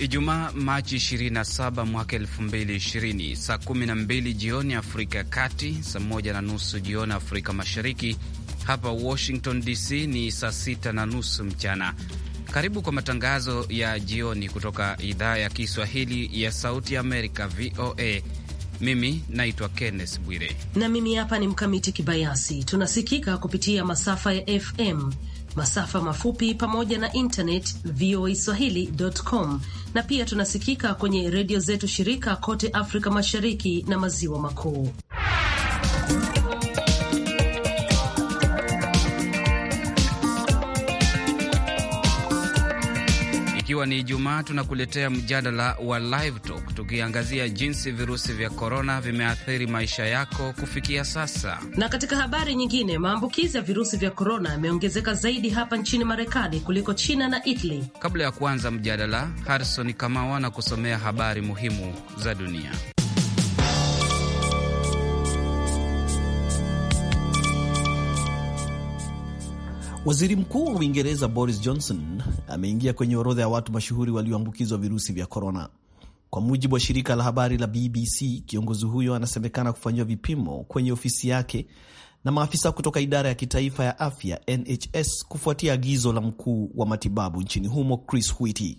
Ijumaa Machi 27 mwaka 2020 saa 12 jioni Afrika ya Kati, saa moja na nusu jioni Afrika Mashariki. Hapa Washington DC ni saa sita na nusu mchana. Karibu kwa matangazo ya jioni kutoka idhaa ya Kiswahili ya Sauti Amerika, VOA. Mimi naitwa Kenneth Bwire na mimi hapa ni Mkamiti Kibayasi. Tunasikika kupitia masafa ya FM masafa mafupi pamoja na internet voa swahili.com, na pia tunasikika kwenye redio zetu shirika kote Afrika Mashariki na Maziwa Makuu. Ikiwa ni Ijumaa, tunakuletea mjadala wa Live Talk tukiangazia jinsi virusi vya korona vimeathiri maisha yako kufikia sasa. Na katika habari nyingine, maambukizi ya virusi vya korona yameongezeka zaidi hapa nchini Marekani kuliko China na Italy. Kabla ya kuanza mjadala, Harrison Kamau anakusomea habari muhimu za dunia. Waziri Mkuu wa Uingereza Boris Johnson ameingia kwenye orodha ya watu mashuhuri walioambukizwa virusi vya korona. Kwa mujibu wa shirika la habari la BBC, kiongozi huyo anasemekana kufanyiwa vipimo kwenye ofisi yake na maafisa kutoka idara ya kitaifa ya afya NHS kufuatia agizo la mkuu wa matibabu nchini humo Chris Whitty.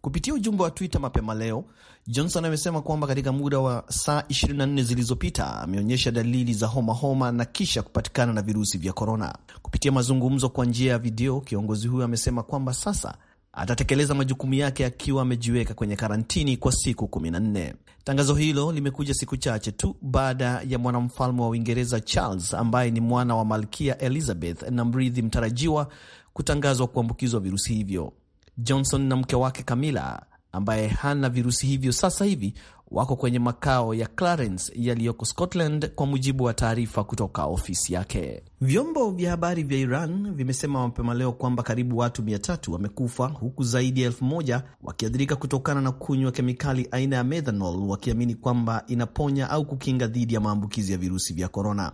Kupitia ujumbe wa Twitter mapema leo, Johnson amesema kwamba katika muda wa saa 24 zilizopita ameonyesha dalili za homa homa na kisha kupatikana na virusi vya korona. Kupitia mazungumzo kwa njia ya video, kiongozi huyo amesema kwamba sasa atatekeleza majukumu yake akiwa amejiweka kwenye karantini kwa siku 14. Tangazo hilo limekuja siku chache tu baada ya mwanamfalme wa Uingereza Charles ambaye ni mwana wa malkia Elizabeth na mrithi mtarajiwa kutangazwa kuambukizwa virusi hivyo. Johnson na mke wake Camilla ambaye hana virusi hivyo sasa hivi wako kwenye makao ya Clarence yaliyoko Scotland, kwa mujibu wa taarifa kutoka ofisi yake. Vyombo vya habari vya Iran vimesema mapema leo kwamba karibu watu mia tatu wamekufa huku zaidi ya elfu moja wakiathirika kutokana na kunywa kemikali aina ya methanol, wakiamini kwamba inaponya au kukinga dhidi ya maambukizi ya virusi vya korona.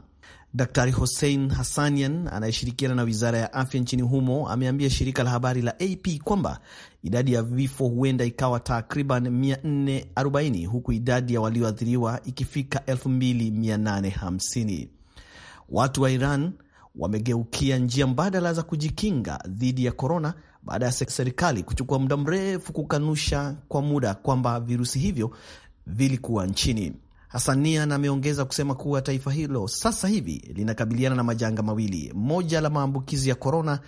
Daktari Hossein Hassanian anayeshirikiana na wizara ya afya nchini humo ameambia shirika la habari la AP kwamba idadi ya vifo huenda ikawa takriban 440 huku idadi ya walioathiriwa ikifika 2850. Watu wa Iran wamegeukia njia mbadala za kujikinga dhidi ya korona baada ya serikali kuchukua muda mrefu kukanusha kwa muda kwamba virusi hivyo vilikuwa nchini. Hasanian ameongeza kusema kuwa taifa hilo sasa hivi linakabiliana na majanga mawili, moja la maambukizi ya korona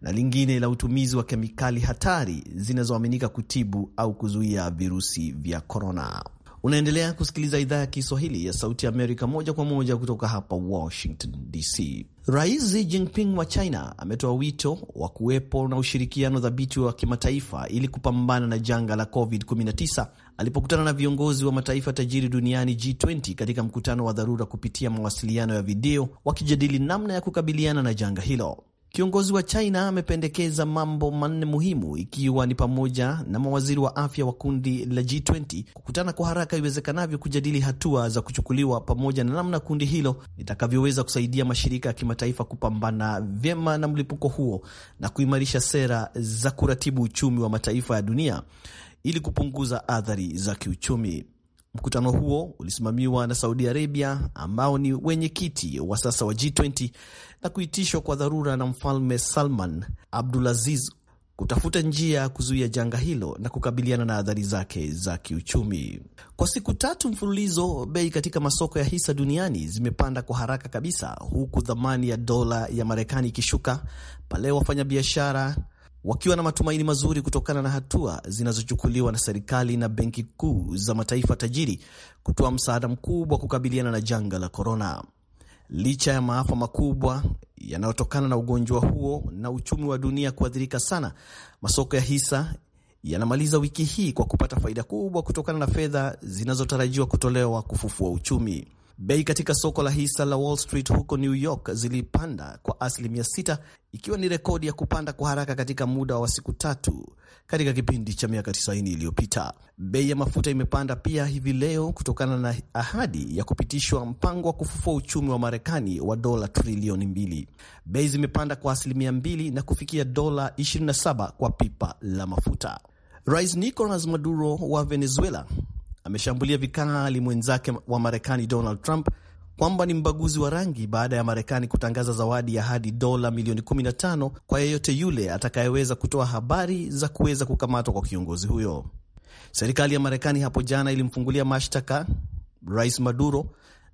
na lingine la utumizi wa kemikali hatari zinazoaminika kutibu au kuzuia virusi vya korona. Unaendelea kusikiliza idhaa ya Kiswahili ya Sauti Amerika moja kwa moja kutoka hapa Washington DC. Rais Xi Jinping wa China ametoa wito wa kuwepo na ushirikiano dhabiti wa kimataifa ili kupambana na janga la COVID-19 alipokutana na viongozi wa mataifa tajiri duniani G20 katika mkutano wa dharura kupitia mawasiliano ya video wakijadili namna ya kukabiliana na janga hilo. Kiongozi wa China amependekeza mambo manne muhimu, ikiwa ni pamoja na mawaziri wa afya wa kundi la G20 kukutana kwa haraka iwezekanavyo kujadili hatua za kuchukuliwa pamoja na namna kundi hilo litakavyoweza kusaidia mashirika ya kimataifa kupambana vyema na mlipuko huo na kuimarisha sera za kuratibu uchumi wa mataifa ya dunia ili kupunguza athari za kiuchumi. Mkutano huo ulisimamiwa na Saudi Arabia ambao ni wenyekiti wa sasa wa G20 na kuitishwa kwa dharura na Mfalme Salman Abdulaziz kutafuta njia ya kuzuia janga hilo na kukabiliana na athari zake za kiuchumi. Kwa siku tatu mfululizo, bei katika masoko ya hisa duniani zimepanda kwa haraka kabisa, huku thamani ya dola ya Marekani ikishuka pale wafanyabiashara wakiwa na matumaini mazuri kutokana na hatua zinazochukuliwa na serikali na benki kuu za mataifa tajiri kutoa msaada mkubwa kukabiliana na janga la korona. Licha ya maafa makubwa yanayotokana na ugonjwa huo na uchumi wa dunia kuathirika sana, masoko ya hisa yanamaliza wiki hii kwa kupata faida kubwa kutokana na fedha zinazotarajiwa kutolewa kufufua uchumi. Bei katika soko la hisa la Wall Street huko New York zilipanda kwa asilimia 6 ikiwa ni rekodi ya kupanda kwa haraka katika muda wa siku tatu katika kipindi cha miaka 90 iliyopita. Bei ya mafuta imepanda pia hivi leo kutokana na ahadi ya kupitishwa mpango wa kufufua uchumi wa Marekani wa dola trilioni mbili. Bei zimepanda kwa asilimia mbili na kufikia dola 27 kwa pipa la mafuta. Rais Nicolas Maduro wa Venezuela ameshambulia vikali mwenzake wa Marekani Donald Trump kwamba ni mbaguzi wa rangi baada ya Marekani kutangaza zawadi ya hadi dola milioni 15 kwa yeyote yule atakayeweza kutoa habari za kuweza kukamatwa kwa kiongozi huyo. Serikali ya Marekani hapo jana ilimfungulia mashtaka Rais Maduro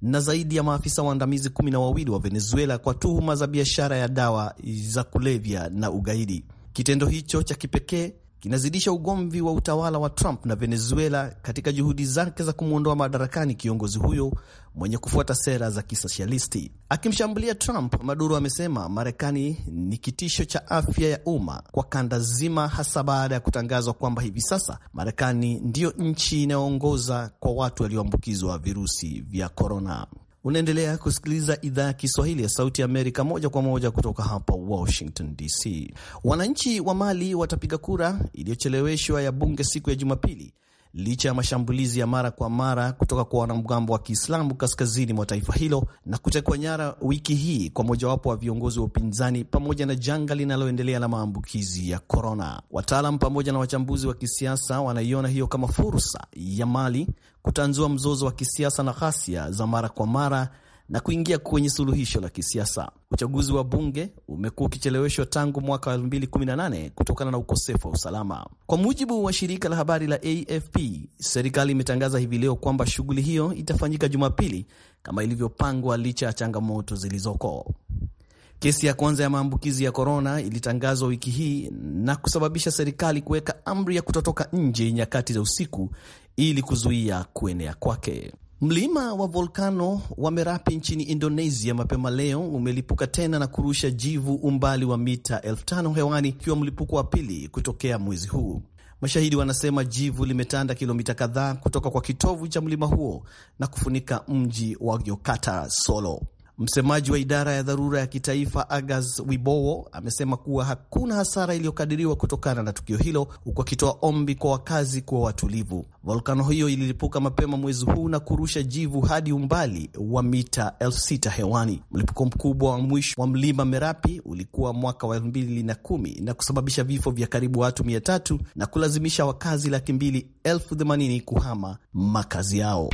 na zaidi ya maafisa waandamizi kumi na wawili wa Venezuela kwa tuhuma za biashara ya dawa za kulevya na ugaidi. Kitendo hicho cha kipekee kinazidisha ugomvi wa utawala wa Trump na Venezuela katika juhudi zake za kumwondoa madarakani kiongozi huyo mwenye kufuata sera za kisosialisti. Akimshambulia Trump, Maduro amesema Marekani ni kitisho cha afya ya umma kwa kanda zima, hasa baada ya kutangazwa kwamba hivi sasa Marekani ndiyo nchi inayoongoza kwa watu walioambukizwa virusi vya korona. Unaendelea kusikiliza idhaa ya Kiswahili ya Sauti Amerika moja kwa moja kutoka hapa Washington DC. Wananchi wa Mali watapiga kura iliyocheleweshwa ya bunge siku ya Jumapili licha ya mashambulizi ya mara kwa mara kutoka kwa wanamgambo wa Kiislamu kaskazini mwa taifa hilo na kutekwa nyara wiki hii kwa mojawapo wa viongozi wa upinzani, pamoja na janga linaloendelea la maambukizi ya korona. Wataalam pamoja na wachambuzi wa kisiasa wanaiona hiyo kama fursa ya Mali kutanzua mzozo wa kisiasa na ghasia za mara kwa mara na kuingia kwenye suluhisho la kisiasa. Uchaguzi wa bunge umekuwa ukicheleweshwa tangu mwaka 2018 kutokana na ukosefu wa usalama. Kwa mujibu wa shirika la habari la AFP, serikali imetangaza hivi leo kwamba shughuli hiyo itafanyika Jumapili kama ilivyopangwa licha ya changamoto zilizoko. Kesi ya kwanza ya maambukizi ya korona ilitangazwa wiki hii na kusababisha serikali kuweka amri ya kutotoka nje nyakati za usiku ili kuzuia kuenea kwake. Mlima wa volkano wa Merapi nchini Indonesia mapema leo umelipuka tena na kurusha jivu umbali wa mita elfu tano hewani, ikiwa mlipuko wa pili kutokea mwezi huu. Mashahidi wanasema jivu limetanda kilomita kadhaa kutoka kwa kitovu cha mlima huo na kufunika mji wa Yogyakarta Solo. Msemaji wa idara ya dharura ya kitaifa Agas Wibowo amesema kuwa hakuna hasara iliyokadiriwa kutokana na tukio hilo, huku akitoa ombi kwa wakazi kuwa watulivu. Volkano hiyo ililipuka mapema mwezi huu na kurusha jivu hadi umbali wa mita elfu sita hewani. Mlipuko mkubwa wa mwisho wa mlima Merapi ulikuwa mwaka wa elfu mbili na kumi na kusababisha vifo vya karibu watu mia tatu na kulazimisha wakazi laki mbili elfu themanini kuhama makazi yao.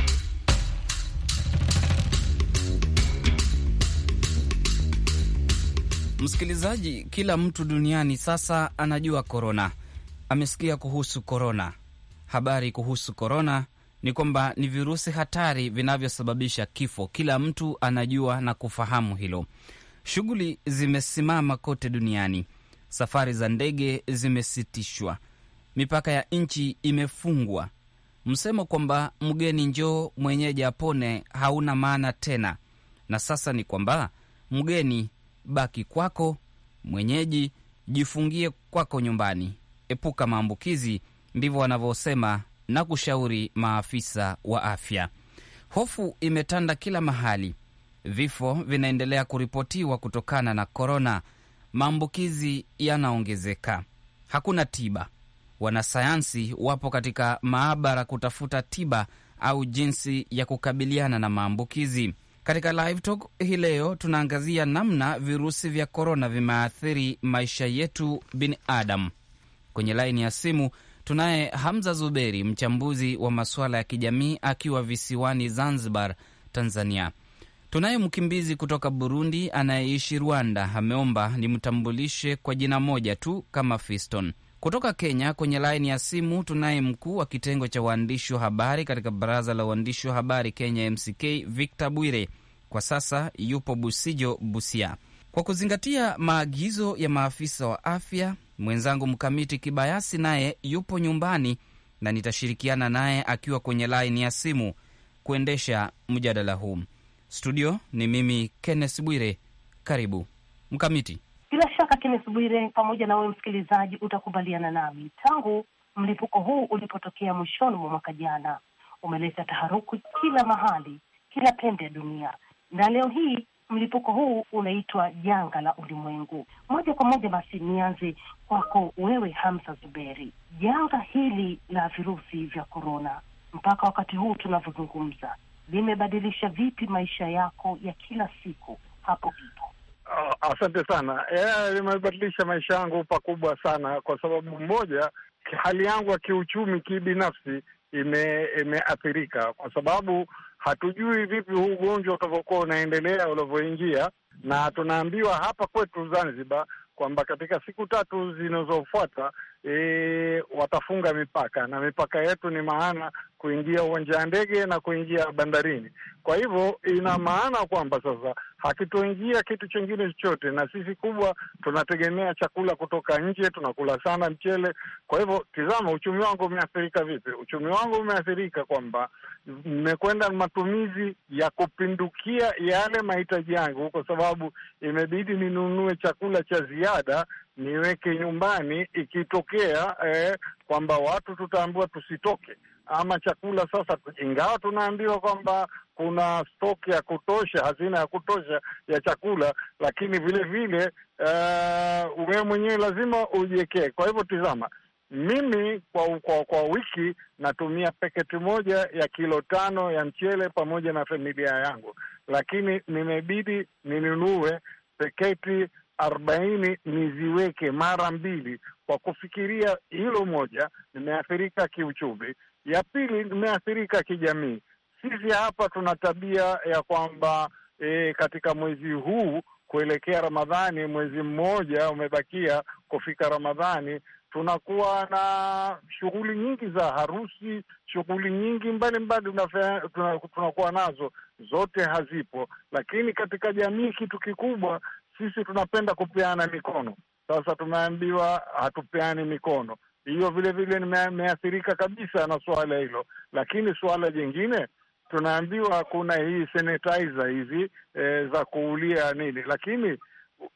Msikilizaji, kila mtu duniani sasa anajua korona, amesikia kuhusu korona. Habari kuhusu korona ni kwamba ni virusi hatari vinavyosababisha kifo. Kila mtu anajua na kufahamu hilo. Shughuli zimesimama kote duniani, safari za ndege zimesitishwa, mipaka ya nchi imefungwa. Msemo kwamba mgeni njoo mwenyeji apone hauna maana tena, na sasa ni kwamba mgeni baki kwako mwenyeji, jifungie kwako nyumbani, epuka maambukizi. Ndivyo wanavyosema na kushauri maafisa wa afya. Hofu imetanda kila mahali, vifo vinaendelea kuripotiwa kutokana na korona, maambukizi yanaongezeka, hakuna tiba. Wanasayansi wapo katika maabara kutafuta tiba au jinsi ya kukabiliana na maambukizi. Katika live talk hii leo tunaangazia namna virusi vya korona vimeathiri maisha yetu binadamu. Kwenye laini ya simu tunaye Hamza Zuberi, mchambuzi wa masuala ya kijamii akiwa visiwani Zanzibar, Tanzania. Tunaye mkimbizi kutoka Burundi anayeishi Rwanda, ameomba nimtambulishe kwa jina moja tu kama Fiston. Kutoka Kenya kwenye laini ya simu tunaye mkuu wa kitengo cha waandishi wa habari katika baraza la waandishi wa habari Kenya, MCK, Victor Bwire, kwa sasa yupo Busijo, Busia. Kwa kuzingatia maagizo ya maafisa wa afya, mwenzangu Mkamiti Kibayasi naye yupo nyumbani na nitashirikiana naye akiwa kwenye laini ya simu kuendesha mjadala huu. Studio ni mimi Kenneth Bwire, karibu Mkamiti shaka Bwire pamoja na wewe msikilizaji utakubaliana nami, tangu mlipuko huu ulipotokea mwishoni mwa mwaka jana umeleta taharuku kila mahali, kila pembe ya dunia, na leo hii mlipuko huu unaitwa janga la ulimwengu. Moja kwa moja, basi nianze kwako wewe Hamza Zuberi, janga hili la virusi vya korona mpaka wakati huu tunavyozungumza, limebadilisha vipi maisha yako ya kila siku hapo ipo Ah, asante sana. Limebadilisha eh, maisha yangu pakubwa sana, kwa sababu mmoja, hali yangu ya kiuchumi kibinafsi imeathirika, ime kwa sababu hatujui vipi huu ugonjwa utavyokuwa unaendelea, unavyoingia, na tunaambiwa hapa kwetu Zanzibar kwamba katika siku tatu zinazofuata e, watafunga mipaka na mipaka yetu ni maana kuingia uwanja wa ndege na kuingia bandarini. Kwa hivyo ina maana kwamba sasa hakitoingia kitu chingine chochote, na sisi kubwa tunategemea chakula kutoka nje, tunakula sana mchele. Kwa hivyo tizama, uchumi wangu umeathirika vipi? Uchumi wangu umeathirika kwamba nimekwenda matumizi ya kupindukia yale mahitaji yangu, kwa sababu imebidi ninunue chakula cha ziada niweke nyumbani, ikitokea eh, kwamba watu tutaambiwa tusitoke ama chakula sasa, ingawa tunaambiwa kwamba kuna stoki ya kutosha, hazina ya kutosha ya chakula, lakini vile vile uh, wewe mwenyewe lazima ujiwekee. Kwa hivyo tizama, mimi kwa, kwa, kwa wiki natumia peketi moja ya kilo tano ya mchele pamoja na familia yangu, lakini nimebidi ninunue peketi arobaini niziweke mara mbili kwa kufikiria hilo moja, nimeathirika kiuchumi. Ya pili, nimeathirika kijamii. Sisi hapa tuna tabia ya kwamba e, katika mwezi huu kuelekea Ramadhani, mwezi mmoja umebakia kufika Ramadhani, tunakuwa na shughuli nyingi za harusi, shughuli nyingi mbalimbali tunakuwa nazo, zote hazipo. Lakini katika jamii, kitu kikubwa, sisi tunapenda kupeana mikono. Sasa tumeambiwa hatupeani mikono. Hiyo vile vile nimeathirika kabisa na suala hilo, lakini suala jingine tunaambiwa kuna hii sanitizer hizi e, za kuulia nini, lakini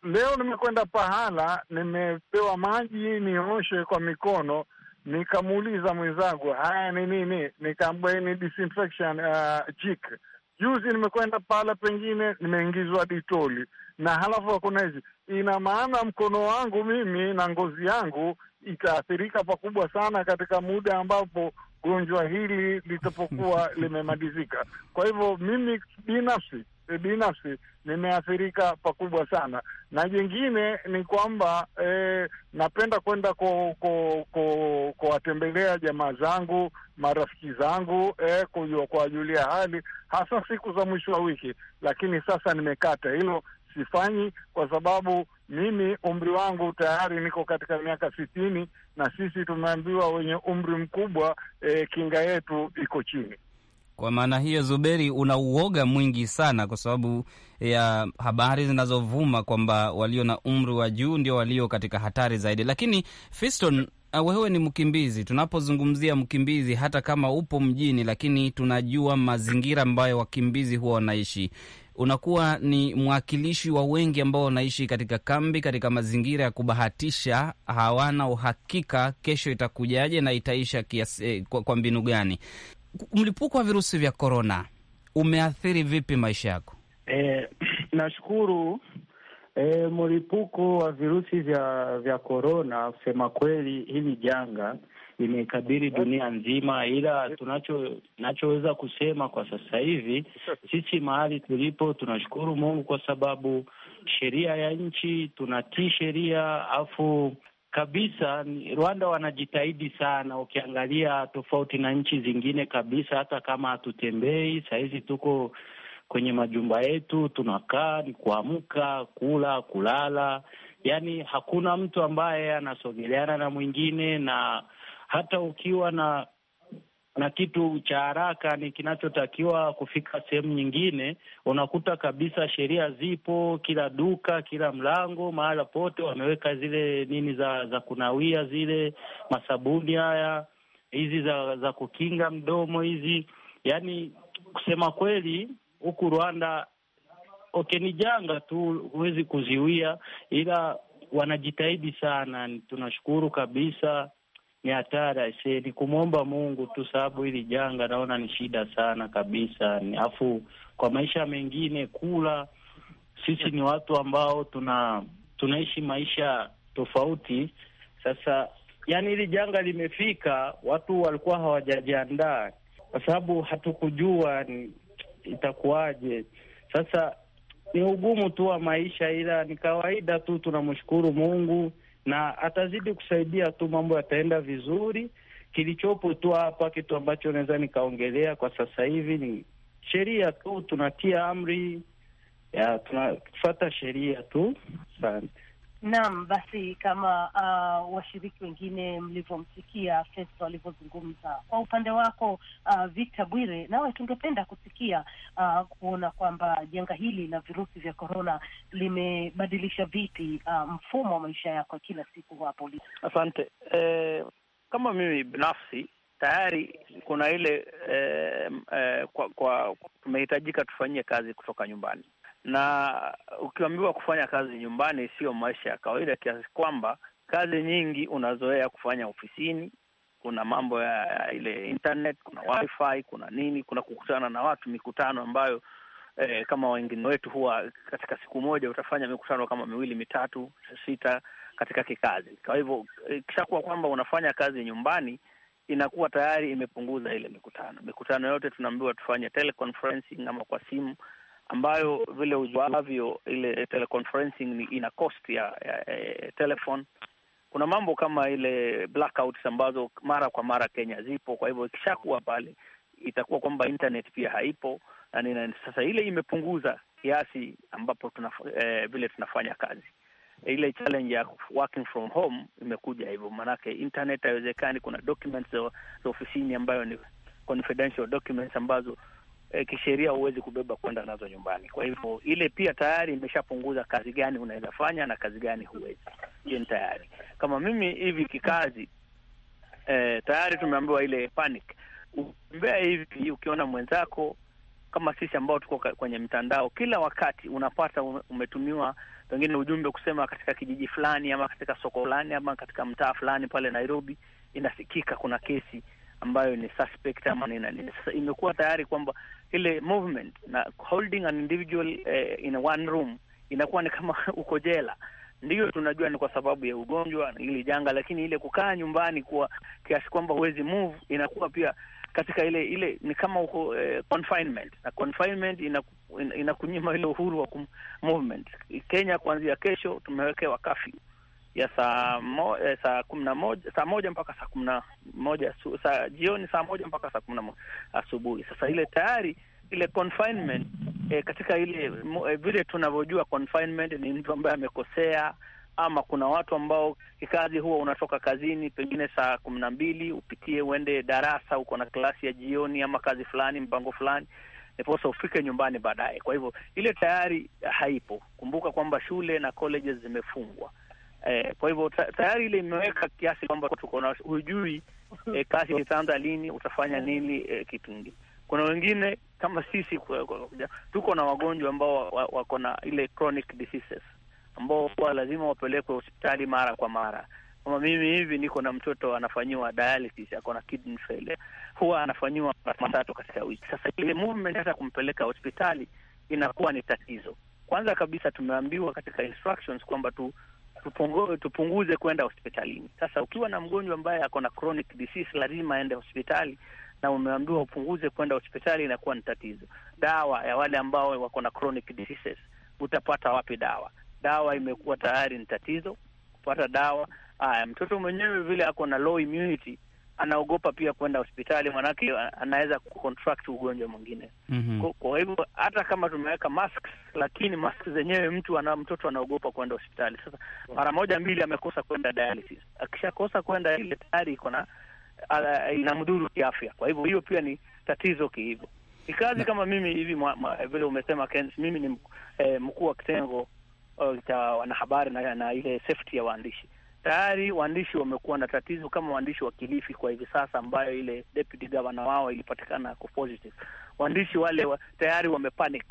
leo nimekwenda pahala, nimepewa maji nioshe kwa mikono, nikamuuliza mwenzangu haya ni nini, nikaambua hii ni disinfection uh, jik. Juzi nimekwenda pahala pengine, nimeingizwa ditoli na halafu hakuna hizi, ina maana mkono wangu mimi na ngozi yangu itaathirika pakubwa sana katika muda ambapo gonjwa hili litapokuwa limemalizika. Kwa hivyo mimi binafsi binafsi nimeathirika pakubwa sana, na jingine ni kwamba e, napenda kwenda kuwatembelea jamaa zangu, marafiki zangu eh, kuwajulia hali hasa siku za mwisho wa wiki, lakini sasa nimekata hilo sifanyi kwa sababu mimi umri wangu tayari niko katika miaka sitini, na sisi tumeambiwa wenye umri mkubwa e, kinga yetu iko chini. Kwa maana hiyo, Zuberi, una uoga mwingi sana kwa sababu ya habari zinazovuma kwamba walio na umri wa juu ndio walio katika hatari zaidi. Lakini Fiston, uh, wewe ni mkimbizi. Tunapozungumzia mkimbizi, hata kama upo mjini, lakini tunajua mazingira ambayo wakimbizi huwa wanaishi unakuwa ni mwakilishi wa wengi ambao wanaishi katika kambi, katika mazingira ya kubahatisha, hawana uhakika kesho itakujaje na itaisha kiasi, eh, kwa, kwa mbinu gani. Mlipuko wa virusi vya korona umeathiri vipi maisha yako? Eh, nashukuru eh, mlipuko wa virusi vya vya korona, kusema kweli hili janga imekabiri dunia nzima, ila tunacho tunachoweza kusema kwa sasa hivi, sisi mahali tulipo, tunashukuru Mungu kwa sababu sheria ya nchi tunatii sheria, afu kabisa Rwanda wanajitahidi sana, ukiangalia tofauti na nchi zingine kabisa. Hata kama hatutembei sahizi, tuko kwenye majumba yetu, tunakaa ni kuamka, kula, kulala, yaani hakuna mtu ambaye anasogeleana na mwingine na hata ukiwa na na kitu cha haraka ni kinachotakiwa kufika sehemu nyingine, unakuta kabisa sheria zipo kila duka, kila mlango, mahala pote wameweka zile nini za za kunawia, zile masabuni haya hizi za za kukinga mdomo hizi. Yani kusema kweli, huku Rwanda okay, ni janga tu, huwezi kuziwia, ila wanajitahidi sana, tunashukuru kabisa ni hatari ise, ni kumwomba Mungu tu, sababu hili janga naona ni shida sana kabisa. Alafu kwa maisha mengine kula, sisi ni watu ambao tuna tunaishi maisha tofauti. Sasa yani hili janga limefika, watu walikuwa hawajajiandaa kwa sababu hatukujua itakuwaje. Sasa ni ugumu tu wa maisha, ila ni kawaida tu, tunamshukuru Mungu na atazidi kusaidia tu, mambo yataenda vizuri. Kilichopo tu hapa, kitu ambacho naweza nikaongelea kwa sasa hivi ni sheria tu, tunatia amri ya tunafata sheria tu. Asante. Naam, basi kama uh, washiriki wengine mlivyomsikia Festo alivyozungumza, kwa upande wako uh, Victor Bwire, nawe tungependa kusikia uh, kuona kwamba janga hili la virusi vya korona limebadilisha vipi uh, mfumo wa maisha yako kila siku hapo. Asante E, kama mimi binafsi tayari kuna ile e, e, kwa, kwa tumehitajika tufanyie kazi kutoka nyumbani na ukiambiwa kufanya kazi nyumbani sio maisha ya kawaida, kiasi kwamba kazi nyingi unazoea kufanya ofisini. Kuna mambo ya ile internet, kuna wifi, kuna nini, kuna kukutana na watu, mikutano ambayo eh, kama wengine wetu huwa katika siku moja utafanya mikutano kama miwili mitatu sita katika kikazi. Kwa hivyo ikishakuwa kwamba unafanya kazi nyumbani inakuwa tayari imepunguza ile mikutano. Mikutano yote tunaambiwa tufanye teleconferencing ama kwa simu ambayo vile ujuavyo ile teleconferencing ni ina cost ya, ya, e, telephone. Kuna mambo kama ile blackouts ambazo mara kwa mara Kenya zipo, kwa hivyo ikishakuwa pale itakuwa kwamba internet pia haipo na nina, sasa ile imepunguza kiasi ambapo tuna, e, vile tunafanya kazi ile challenge ya working from home imekuja hivyo, maanake internet haiwezekani. Kuna documents za ofisini ambayo ni confidential documents ambazo eh, kisheria huwezi kubeba kwenda nazo nyumbani. Kwa hivyo ile pia tayari imeshapunguza kazi gani unaweza fanya na kazi gani huwezi. Hiyo ni tayari kama mimi hivi kikazi eh, tayari tumeambiwa ile panic utembea hivi ukiona mwenzako kama sisi ambao tuko kwenye mtandao kila wakati, unapata umetumiwa pengine ujumbe kusema katika kijiji fulani ama katika soko fulani ama katika mtaa fulani pale Nairobi inasikika kuna kesi ambayo ni suspect ama ni nani. Mm. Sasa imekuwa tayari kwamba ile movement na holding an individual eh, in one room inakuwa ni kama uko jela. Ndiyo tunajua ni kwa sababu ya ugonjwa ili janga, lakini ile kukaa nyumbani kwa kiasi kwamba huwezi move inakuwa pia katika ile ile ni kama uko eh, confinement na confinement inakunyima ina, ina ile uhuru wa movement. Kenya kuanzia kesho tumewekewa kafyu ya saa mo, eh, saa kumi na moja saa moja mpaka saa kumi na moja saa jioni saa moja mpaka saa kumi na moja asubuhi. Sasa ile tayari ile confinement eh, katika ile eh, vile tunavyojua confinement ni mtu ambaye amekosea ama kuna watu ambao kikazi huwa unatoka kazini pengine saa kumi na mbili upitie uende darasa, uko na klasi ya jioni ama kazi fulani, mpango fulani, niposa ufike nyumbani baadaye. Kwa hivyo ile tayari haipo. Kumbuka kwamba shule na colleges zimefungwa eh, kwa hivyo tayari ile imeweka kiasi kwamba tuko na hujui eh, kasi itaanza lini, utafanya nini eh, kipindi. Kuna wengine kama sisi kwa, kwa, kwa, tuko na wagonjwa ambao wako na ile chronic diseases ambao huwa lazima wapelekwe hospitali mara kwa mara. Kama mimi hivi niko na mtoto anafanyiwa dialysis, ako na kidney failure, huwa anafanyiwa mara tatu katika wiki. Sasa ile movement sasa kumpeleka hospitali inakuwa ni tatizo. Kwanza kabisa tumeambiwa katika instructions kwamba tu tupunguze kwenda hospitalini. Sasa ukiwa na mgonjwa ambaye ako na chronic disease, lazima aende hospitali na umeambiwa upunguze kwenda hospitali, inakuwa ni tatizo. Dawa ya wale ambao wako na chronic diseases, utapata wapi dawa? Dawa imekuwa tayari ni tatizo kupata dawa. aya mtoto mwenyewe vile ako na low immunity anaogopa pia kwenda hospitali, manake anaweza kucontract ugonjwa mwingine mm -hmm. Kwa hivyo hata kama tumeweka masks, lakini masks zenyewe mtu ana, mtoto anaogopa kwenda hospitali. Sasa mara moja mbili amekosa kwenda dialysis, akishakosa kwenda ile tayari iko na mdhuru kiafya. Kwa hivyo hiyo pia ni tatizo kihivyo. Ni kazi kama mimi hivi vile umesema Ken, mimi ni eh, mkuu wa kitengo eh, cha wanahabari na, na ile safety ya waandishi tayari waandishi wamekuwa na tatizo kama waandishi wa Kilifi kwa hivi sasa, ambayo ile deputy governor wao ilipatikana kwa positive. Waandishi wale wa, tayari wamepanic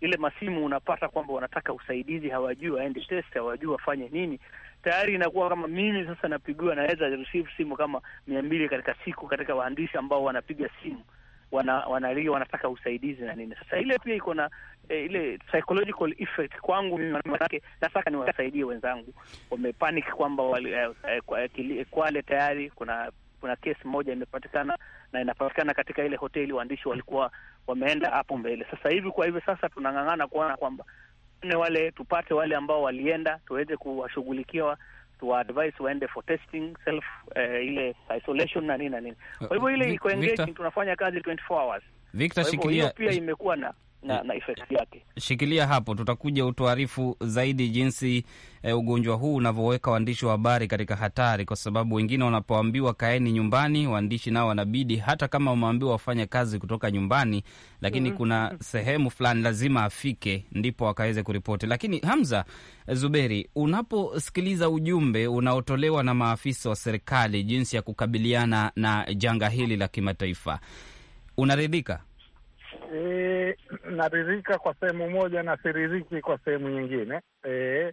ile masimu unapata kwamba wanataka usaidizi, hawajui waende test, hawajui wafanye nini. Tayari inakuwa kama mimi sasa napigiwa, naweza receive simu kama mia mbili katika siku, katika waandishi ambao wanapiga simu wanalia wana, wanataka usaidizi na nini. Sasa ile pia iko na eh, ile psychological effect kwangu mimi, manake nataka niwasaidie wenzangu. Wamepanic kwamba eh, eh, eh Kwale tayari kuna kuna kesi moja imepatikana na inapatikana katika ile hoteli waandishi walikuwa wameenda hapo mbele. Sasa hivi kwa hivyo sasa tunang'ang'ana kuona kwamba wale tupate wale ambao walienda tuweze kuwashughulikia tuwa advise waende for testing self uh, ile isolation na nini na nini. Kwa hivyo uh, ile iko engaging, tunafanya kazi 24 hours. Victor, shikilia pia imekuwa na na, na effect yake. Shikilia hapo, tutakuja utuarifu zaidi jinsi e, ugonjwa huu unavyoweka waandishi wa habari katika hatari, kwa sababu wengine wanapoambiwa kaeni nyumbani, waandishi nao wanabidi, hata kama wameambiwa wafanye kazi kutoka nyumbani, lakini mm -hmm. kuna sehemu fulani lazima afike, ndipo akaweze kuripoti. Lakini Hamza eh, Zuberi, unaposikiliza ujumbe unaotolewa na maafisa wa serikali jinsi ya kukabiliana na janga hili la kimataifa, unaridhika? E naridhika kwa sehemu moja na siridhiki kwa sehemu nyingine. E,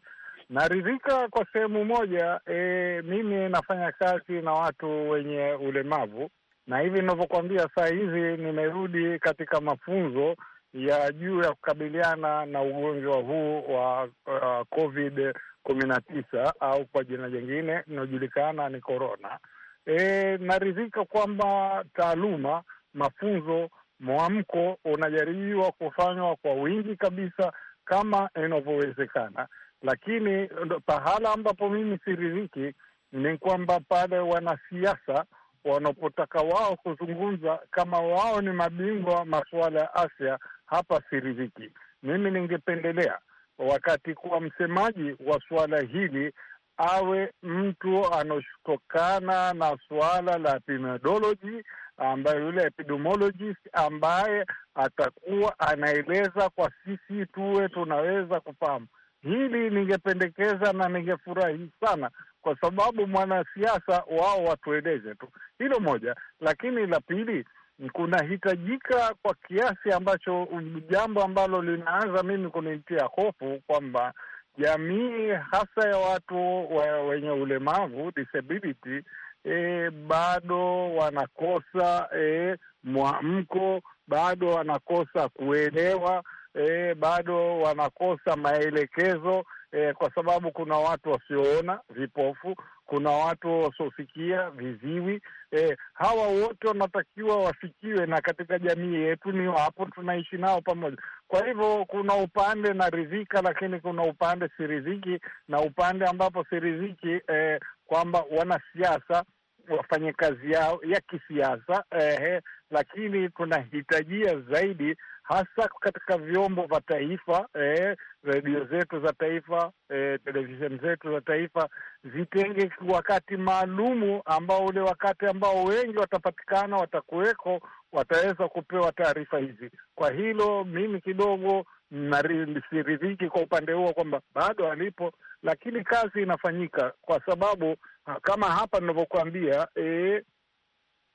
naridhika kwa sehemu moja. E, mimi nafanya kazi na watu wenye ulemavu na hivi inavyokuambia saa hizi nimerudi katika mafunzo ya juu ya kukabiliana na ugonjwa huu wa uh, COVID kumi na tisa au kwa jina jingine inayojulikana ni korona. E, naridhika kwamba taaluma mafunzo mwamko unajaribiwa kufanywa kwa wingi kabisa kama inavyowezekana, lakini pahala ambapo mimi siridhiki ni kwamba pale wanasiasa wanapotaka wao kuzungumza kama wao ni mabingwa masuala ya afya, hapa siridhiki mimi. Ningependelea wakati kuwa msemaji wa suala hili awe mtu anaotokana na suala la epidemiology ambaye yule epidemiologist ambaye atakuwa anaeleza kwa sisi tuwe tunaweza kufahamu hili. Ningependekeza na ningefurahi sana, kwa sababu mwanasiasa wao watueleze tu hilo moja, lakini la pili kunahitajika kwa kiasi ambacho, jambo ambalo linaanza mimi kunitia hofu kwamba jamii hasa ya watu wenye ulemavu disability e, bado wanakosa e, mwamko, bado wanakosa kuelewa e, bado wanakosa maelekezo e, kwa sababu kuna watu wasioona vipofu, kuna watu wasiosikia viziwi e, hawa wote wanatakiwa wafikiwe, na katika jamii yetu ni wapo, tunaishi nao pamoja. Kwa hivyo kuna upande naridhika, lakini kuna upande siridhiki, na upande ambapo siridhiki e, kwamba wanasiasa wafanye kazi yao ya kisiasa eh, lakini tunahitajia zaidi hasa katika vyombo vya taifa eh, redio zetu za taifa eh, televisheni zetu za taifa zitenge wakati maalumu ambao ule wakati ambao wengi watapatikana, watakuweko, wataweza kupewa taarifa hizi. Kwa hilo mimi kidogo nasiridhiki kwa upande huo kwamba bado alipo, lakini kazi inafanyika kwa sababu ah, kama hapa ninavyokuambia, e,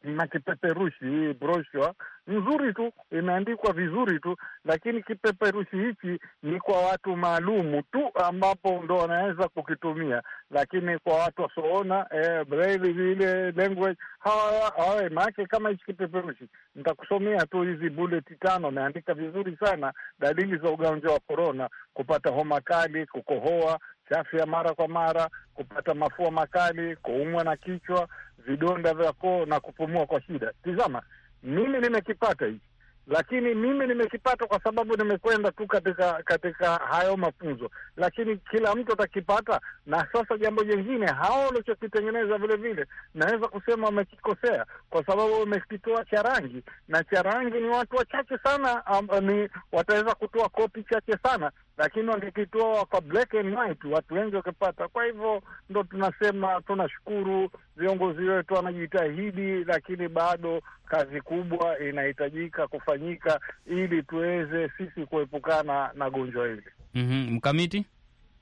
na kipeperushi hii broshua nzuri tu, imeandikwa vizuri tu, lakini kipeperushi hichi ni kwa watu maalumu tu, ambapo ndo wanaweza kukitumia, lakini kwa watu wasioona eh, braille vile language hawa maake kama hichi kipeperushi. Nitakusomea tu hizi bullet tano, ameandika vizuri sana, dalili za ugonjwa wa korona: kupata homa kali, kukohoa chafu ya mara kwa mara, kupata mafua makali, kuumwa na kichwa, vidonda vya koo na kupumua kwa shida. Tizama, mimi nimekipata hichi lakini mimi nimekipata kwa sababu nimekwenda tu katika katika hayo mafunzo, lakini kila mtu atakipata. Na sasa jambo jingine, hao walichokitengeneza vile vile naweza kusema wamekikosea, kwa sababu wamekitoa cha rangi, na cha rangi ni watu wachache sana, um, ni wataweza kutoa kopi chache sana, lakini wangekitoa kwa black and white, watu wengi wakipata. Kwa hivyo ndo tunasema tunashukuru viongozi wetu wanajitahidi, lakini bado kazi kubwa inahitajika kufanya kufanyika ili tuweze sisi kuepukana na gonjwa hili. mm -hmm. Mkamiti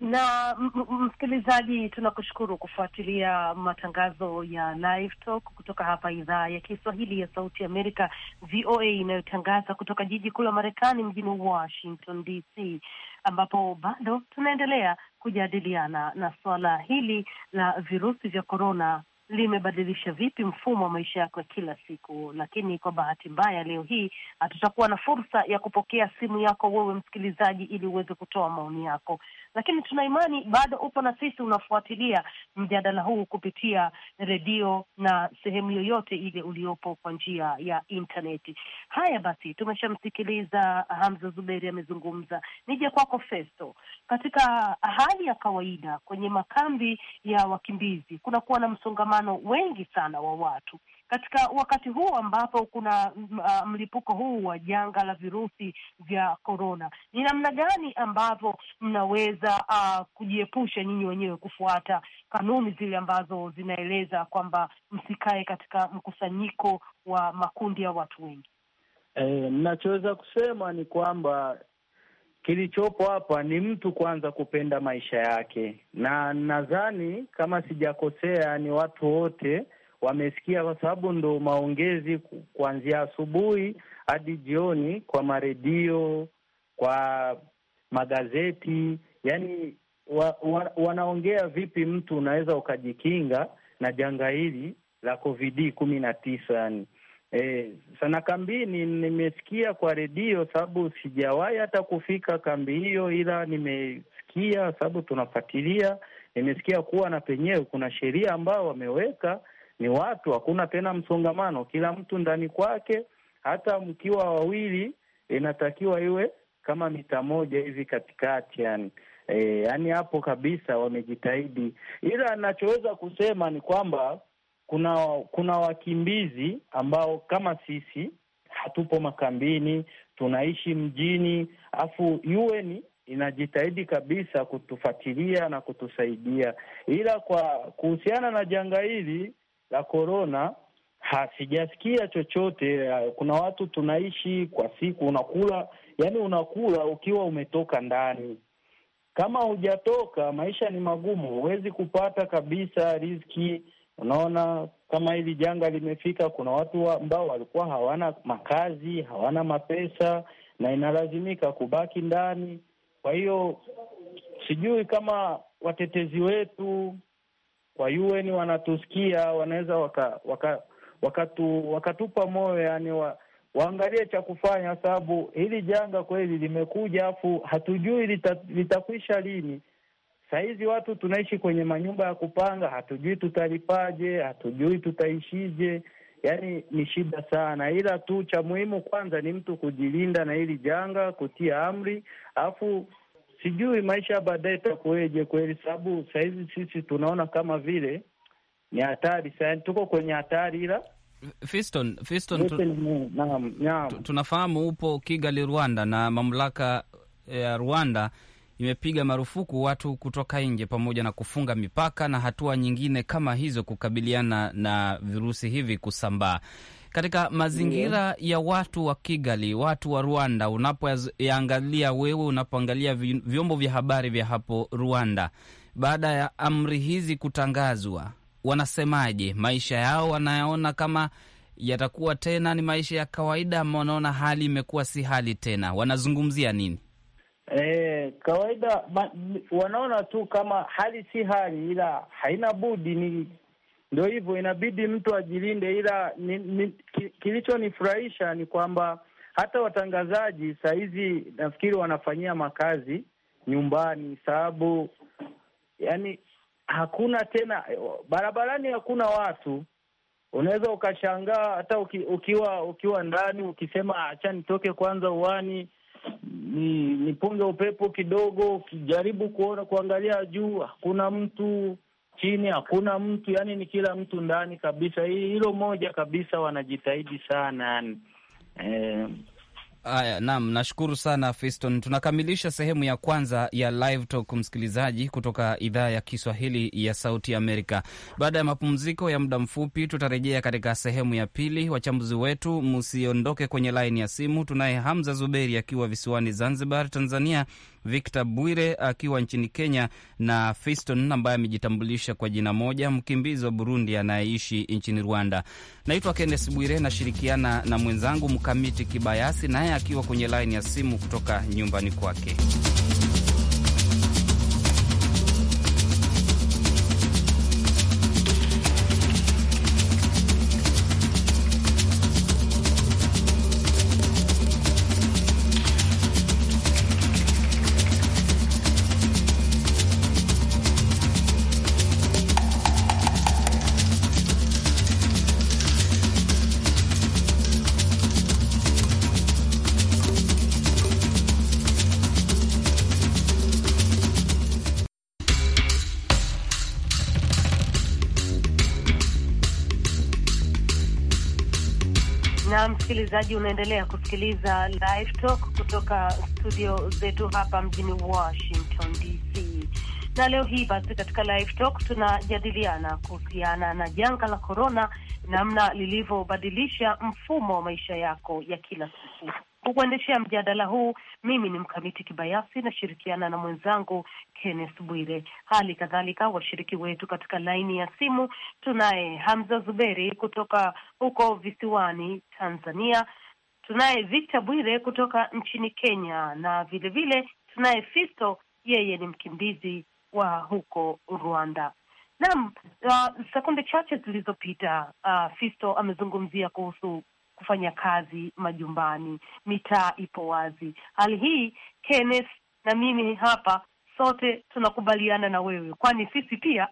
na msikilizaji, tunakushukuru kufuatilia matangazo ya Live Talk kutoka hapa idhaa ya Kiswahili ya Sauti Amerika, VOA, inayotangaza kutoka jiji kuu la Marekani, mjini Washington DC, ambapo bado tunaendelea kujadiliana na suala hili la virusi vya korona limebadilisha vipi mfumo wa maisha yako ya kila siku. Lakini kwa bahati mbaya, leo hii hatutakuwa na fursa ya kupokea simu yako wewe msikilizaji, ili uweze kutoa maoni yako lakini tunaimani bado upo na sisi, unafuatilia mjadala huu kupitia redio na sehemu yoyote ile uliopo kwa njia ya intaneti. Haya basi, tumeshamsikiliza Hamza Zuberi amezungumza. Nije kwako Festo, katika hali ya kawaida kwenye makambi ya wakimbizi kunakuwa na msongamano wengi sana wa watu katika wakati huu ambapo kuna uh, mlipuko huu wa janga la virusi vya korona, ni namna gani ambavyo mnaweza uh, kujiepusha nyinyi wenyewe kufuata kanuni zile ambazo zinaeleza kwamba msikae katika mkusanyiko wa makundi ya watu wengi? Mnachoweza eh, e, kusema ni kwamba kilichopo hapa ni mtu kwanza kupenda maisha yake, na nadhani kama sijakosea, ni watu wote wamesikia, kwa sababu ndo maongezi kuanzia asubuhi hadi jioni kwa maredio, kwa magazeti, yani wa, wa, wanaongea vipi mtu unaweza ukajikinga na janga hili la COVID kumi na tisa yani E, sana kambini nimesikia kwa redio, sababu sijawahi hata kufika kambi hiyo, ila nimesikia sababu tunafuatilia. Nimesikia kuwa na penyewe kuna sheria ambayo wameweka ni watu, hakuna tena msongamano, kila mtu ndani kwake. Hata mkiwa wawili inatakiwa iwe kama mita moja hivi katikati, yani e, yani hapo kabisa wamejitahidi, ila anachoweza kusema ni kwamba kuna kuna wakimbizi ambao kama sisi hatupo makambini, tunaishi mjini, afu UN inajitahidi kabisa kutufuatilia na kutusaidia, ila kwa kuhusiana na janga hili la korona hasijasikia chochote. Kuna watu tunaishi kwa siku, unakula yani, unakula ukiwa umetoka ndani. Kama hujatoka, maisha ni magumu, huwezi kupata kabisa riziki. Unaona, kama hili janga limefika, kuna watu ambao wa walikuwa hawana makazi, hawana mapesa na inalazimika kubaki ndani. Kwa hiyo sijui kama watetezi wetu kwa UN wanatusikia, wanaweza wakatupa waka, waka waka moyo yani wa, waangalie cha kufanya, kwa sababu hili janga kweli limekuja, afu hatujui lita, litakwisha lini. Sahizi watu tunaishi kwenye manyumba ya kupanga, hatujui tutalipaje, hatujui tutaishije. Yani ni shida sana, ila tu cha muhimu kwanza ni mtu kujilinda na hili janga, kutia amri, alafu sijui maisha ya baadaye itakuweje kweli, sababu sahizi sisi tunaona kama vile ni hatari sana, tuko kwenye hatari ila Fiston, Fiston tu, tunafahamu upo Kigali, Rwanda, na mamlaka eh, ya Rwanda imepiga marufuku watu kutoka nje pamoja na kufunga mipaka na hatua nyingine kama hizo kukabiliana na virusi hivi kusambaa katika mazingira yeah, ya watu wa Kigali, watu wa Rwanda, unapoyaangalia wewe, unapoangalia vyombo vya habari vya hapo Rwanda, baada ya amri hizi kutangazwa, wanasemaje? Maisha yao wanayaona kama yatakuwa tena ni maisha ya kawaida, ama wanaona hali imekuwa si hali tena? Wanazungumzia nini? Eh, kawaida ma, wanaona tu kama hali si hali, ila haina budi ni ndio hivyo, inabidi mtu ajilinde, ila ni, ni, kilichonifurahisha ni kwamba hata watangazaji sahizi nafikiri wanafanyia makazi nyumbani, sababu yani hakuna tena barabarani, hakuna watu. Unaweza ukashangaa hata uki, ukiwa ukiwa ndani ukisema acha nitoke kwanza uwani ni nipunge upepo kidogo, ukijaribu kuona kuangalia juu hakuna mtu chini, hakuna mtu yani, ni kila mtu ndani kabisa. Hilo moja kabisa, wanajitahidi sana yani eh. Haya, naam, nashukuru sana Fiston. Tunakamilisha sehemu ya kwanza ya Live Talk, msikilizaji, kutoka idhaa ya Kiswahili ya Sauti Amerika. Baada ya mapumziko ya muda mfupi, tutarejea katika sehemu ya pili. Wachambuzi wetu, msiondoke kwenye laini ya simu. Tunaye Hamza Zuberi akiwa visiwani Zanzibar, Tanzania, Victor Bwire akiwa nchini Kenya na Fiston ambaye amejitambulisha kwa jina moja, mkimbizi wa Burundi anayeishi nchini Rwanda. Naitwa kennes Bwire, nashirikiana na mwenzangu Mkamiti Kibayasi, naye akiwa kwenye laini ya simu kutoka nyumbani kwake. na msikilizaji, unaendelea kusikiliza Live Talk kutoka studio zetu hapa mjini Washington DC, na leo hii basi katika Live Talk tunajadiliana kuhusiana na janga la korona, namna lilivyobadilisha mfumo wa maisha yako ya kila siku. Kukuendeshea mjadala huu mimi ni Mkamiti Kibayasi, nashirikiana na mwenzangu kennes Bwire. Hali kadhalika washiriki wetu katika laini ya simu tunaye Hamza Zuberi kutoka huko visiwani Tanzania, tunaye vikta Bwire kutoka nchini Kenya na vilevile tunaye Fisto, yeye ni mkimbizi wa huko Rwanda. nam uh, sekunde chache zilizopita uh, Fisto amezungumzia kuhusu kufanya kazi majumbani, mitaa ipo wazi. Hali hii Kenneth na mimi hapa sote tunakubaliana na wewe, kwani sisi pia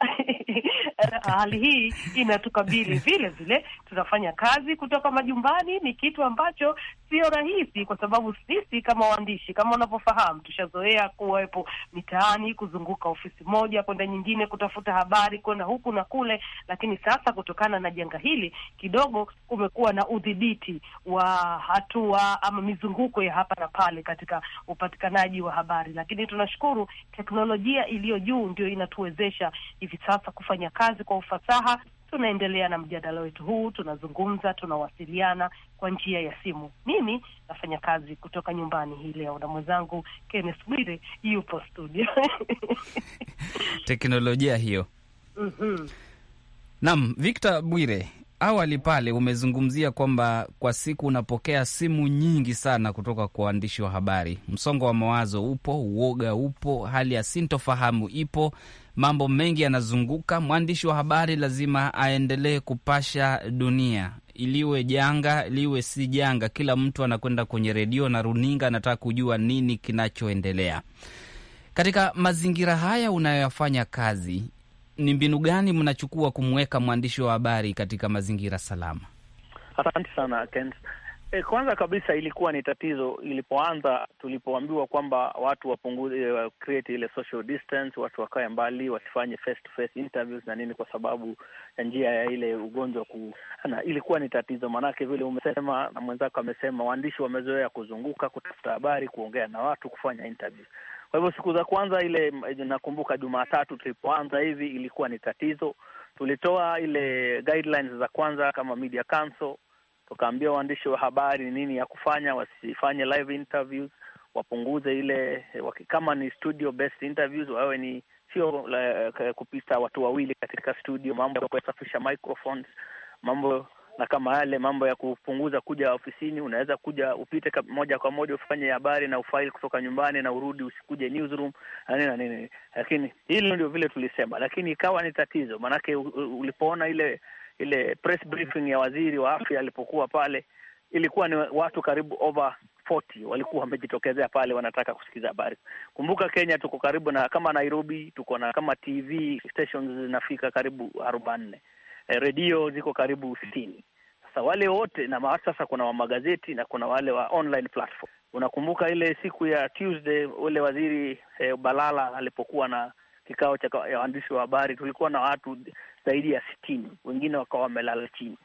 hali hii inatukabili vile vile. Tunafanya kazi kutoka majumbani, ni kitu ambacho sio rahisi, kwa sababu sisi kama waandishi, kama unavyofahamu, tushazoea kuwepo mitaani, kuzunguka ofisi moja kwenda nyingine, kutafuta habari, kwenda huku na kule. Lakini sasa kutokana na janga hili kidogo kumekuwa na udhibiti wa hatua ama mizunguko ya hapa na pale katika upatikanaji wa habari, lakini tunashukuru teknolojia iliyo juu ndio inatuwezesha hivi sasa kufanya kazi kwa ufasaha tunaendelea na mjadala wetu huu, tunazungumza, tunawasiliana kwa njia ya simu. Mimi nafanya kazi kutoka nyumbani hii leo na mwenzangu Kenneth Bwire yupo studio teknolojia hiyo. mm -hmm. Naam, Victor Bwire, awali pale umezungumzia kwamba kwa siku unapokea simu nyingi sana kutoka kwa waandishi wa habari. Msongo wa mawazo upo, uoga upo, hali ya sintofahamu ipo, mambo mengi yanazunguka. Mwandishi wa habari lazima aendelee kupasha dunia, iliwe janga liwe si janga, kila mtu anakwenda kwenye redio na runinga, anataka kujua nini kinachoendelea katika mazingira haya unayoyafanya kazi. Ni mbinu gani mnachukua kumweka mwandishi wa habari katika mazingira salama? Asante sana E, kwanza kabisa ilikuwa ni tatizo ilipoanza, tulipoambiwa kwamba watu wapunguze, uh, create ile social distance, watu wakae mbali, wasifanye face to face interviews na nini, kwa sababu ya njia ya ile ugonjwa ku, na ilikuwa ni tatizo, maanake vile umesema na mwenzako amesema, waandishi wamezoea kuzunguka, kutafuta habari, kuongea na watu, kufanya interviews. Kwa hivyo siku za kwanza ile, eh, nakumbuka Jumatatu tulipoanza hivi, ilikuwa ni tatizo. Tulitoa ile guidelines za kwanza kama Media Council tukaambia waandishi wa habari nini ya kufanya, wasifanye live interviews, wapunguze ile, kama ni studio based interviews wawe ni sio kupita watu wawili katika studio, mambo ya kusafisha microphones, mambo na kama yale mambo ya kupunguza kuja ofisini. Unaweza kuja upite moja kwa moja ufanye habari na ufaili kutoka nyumbani na urudi, usikuje newsroom na nini na nini. Lakini hili ndio vile tulisema, lakini ikawa ni tatizo, maanake ulipoona ile ile press briefing ya waziri wa afya alipokuwa pale, ilikuwa ni watu karibu over 40 walikuwa wamejitokezea pale, wanataka kusikiza habari. Kumbuka Kenya tuko karibu na kama Nairobi, tuko na kama TV stations zinafika karibu arobaini, eh, redio ziko karibu sitini. Sasa wale wote na sasa, kuna wa magazeti na kuna wale wa online platform. Unakumbuka ile siku ya Tuesday ule waziri eh, Balala alipokuwa na kikao cha waandishi wa habari, tulikuwa na watu zaidi ya sitini, wengine wakawa wamelala chini.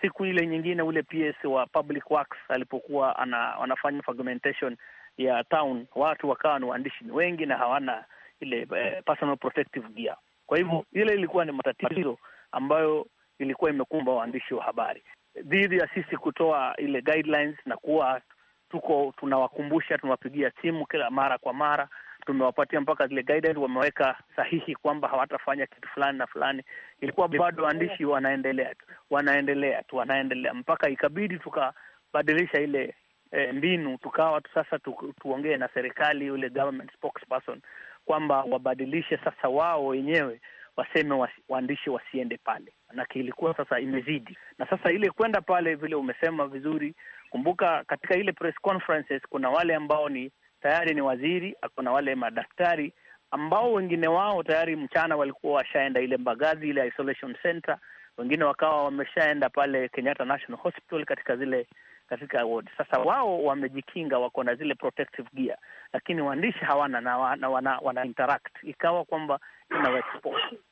Siku ile nyingine ule PS wa Public Works alipokuwa ana, fragmentation ya town, watu wakawa ni waandishi ni wengi na hawana ile eh, personal protective gear. Kwa hivyo ile ilikuwa ni matatizo ambayo ilikuwa imekumba waandishi wa habari dhidi ya sisi kutoa ile guidelines na kuwa tuko tunawakumbusha, tunawapigia simu kila mara kwa mara tumewapatia mpaka zile guidance, wameweka sahihi kwamba hawatafanya kitu fulani na fulani. Ilikuwa bado waandishi wanaendelea tu wanaendelea tu wanaendelea mpaka ikabidi tukabadilisha ile e, mbinu tukawa sasa tu, tuongee na serikali, yule government spokesperson kwamba wabadilishe sasa wao wenyewe waseme wasi, waandishi wasiende pale, manake ilikuwa sasa imezidi. Na sasa ile kwenda pale, vile umesema vizuri, kumbuka katika ile press conferences kuna wale ambao ni tayari ni waziri, ako na wale madaktari ambao wengine wao tayari mchana walikuwa washaenda ile Mbagazi, ile isolation center, wengine wakawa wameshaenda pale Kenyatta National Hospital katika zile katika ward. Sasa wao wamejikinga, wako na zile protective gear, lakini waandishi hawana na wana, wana, wana interact, ikawa kwamba ina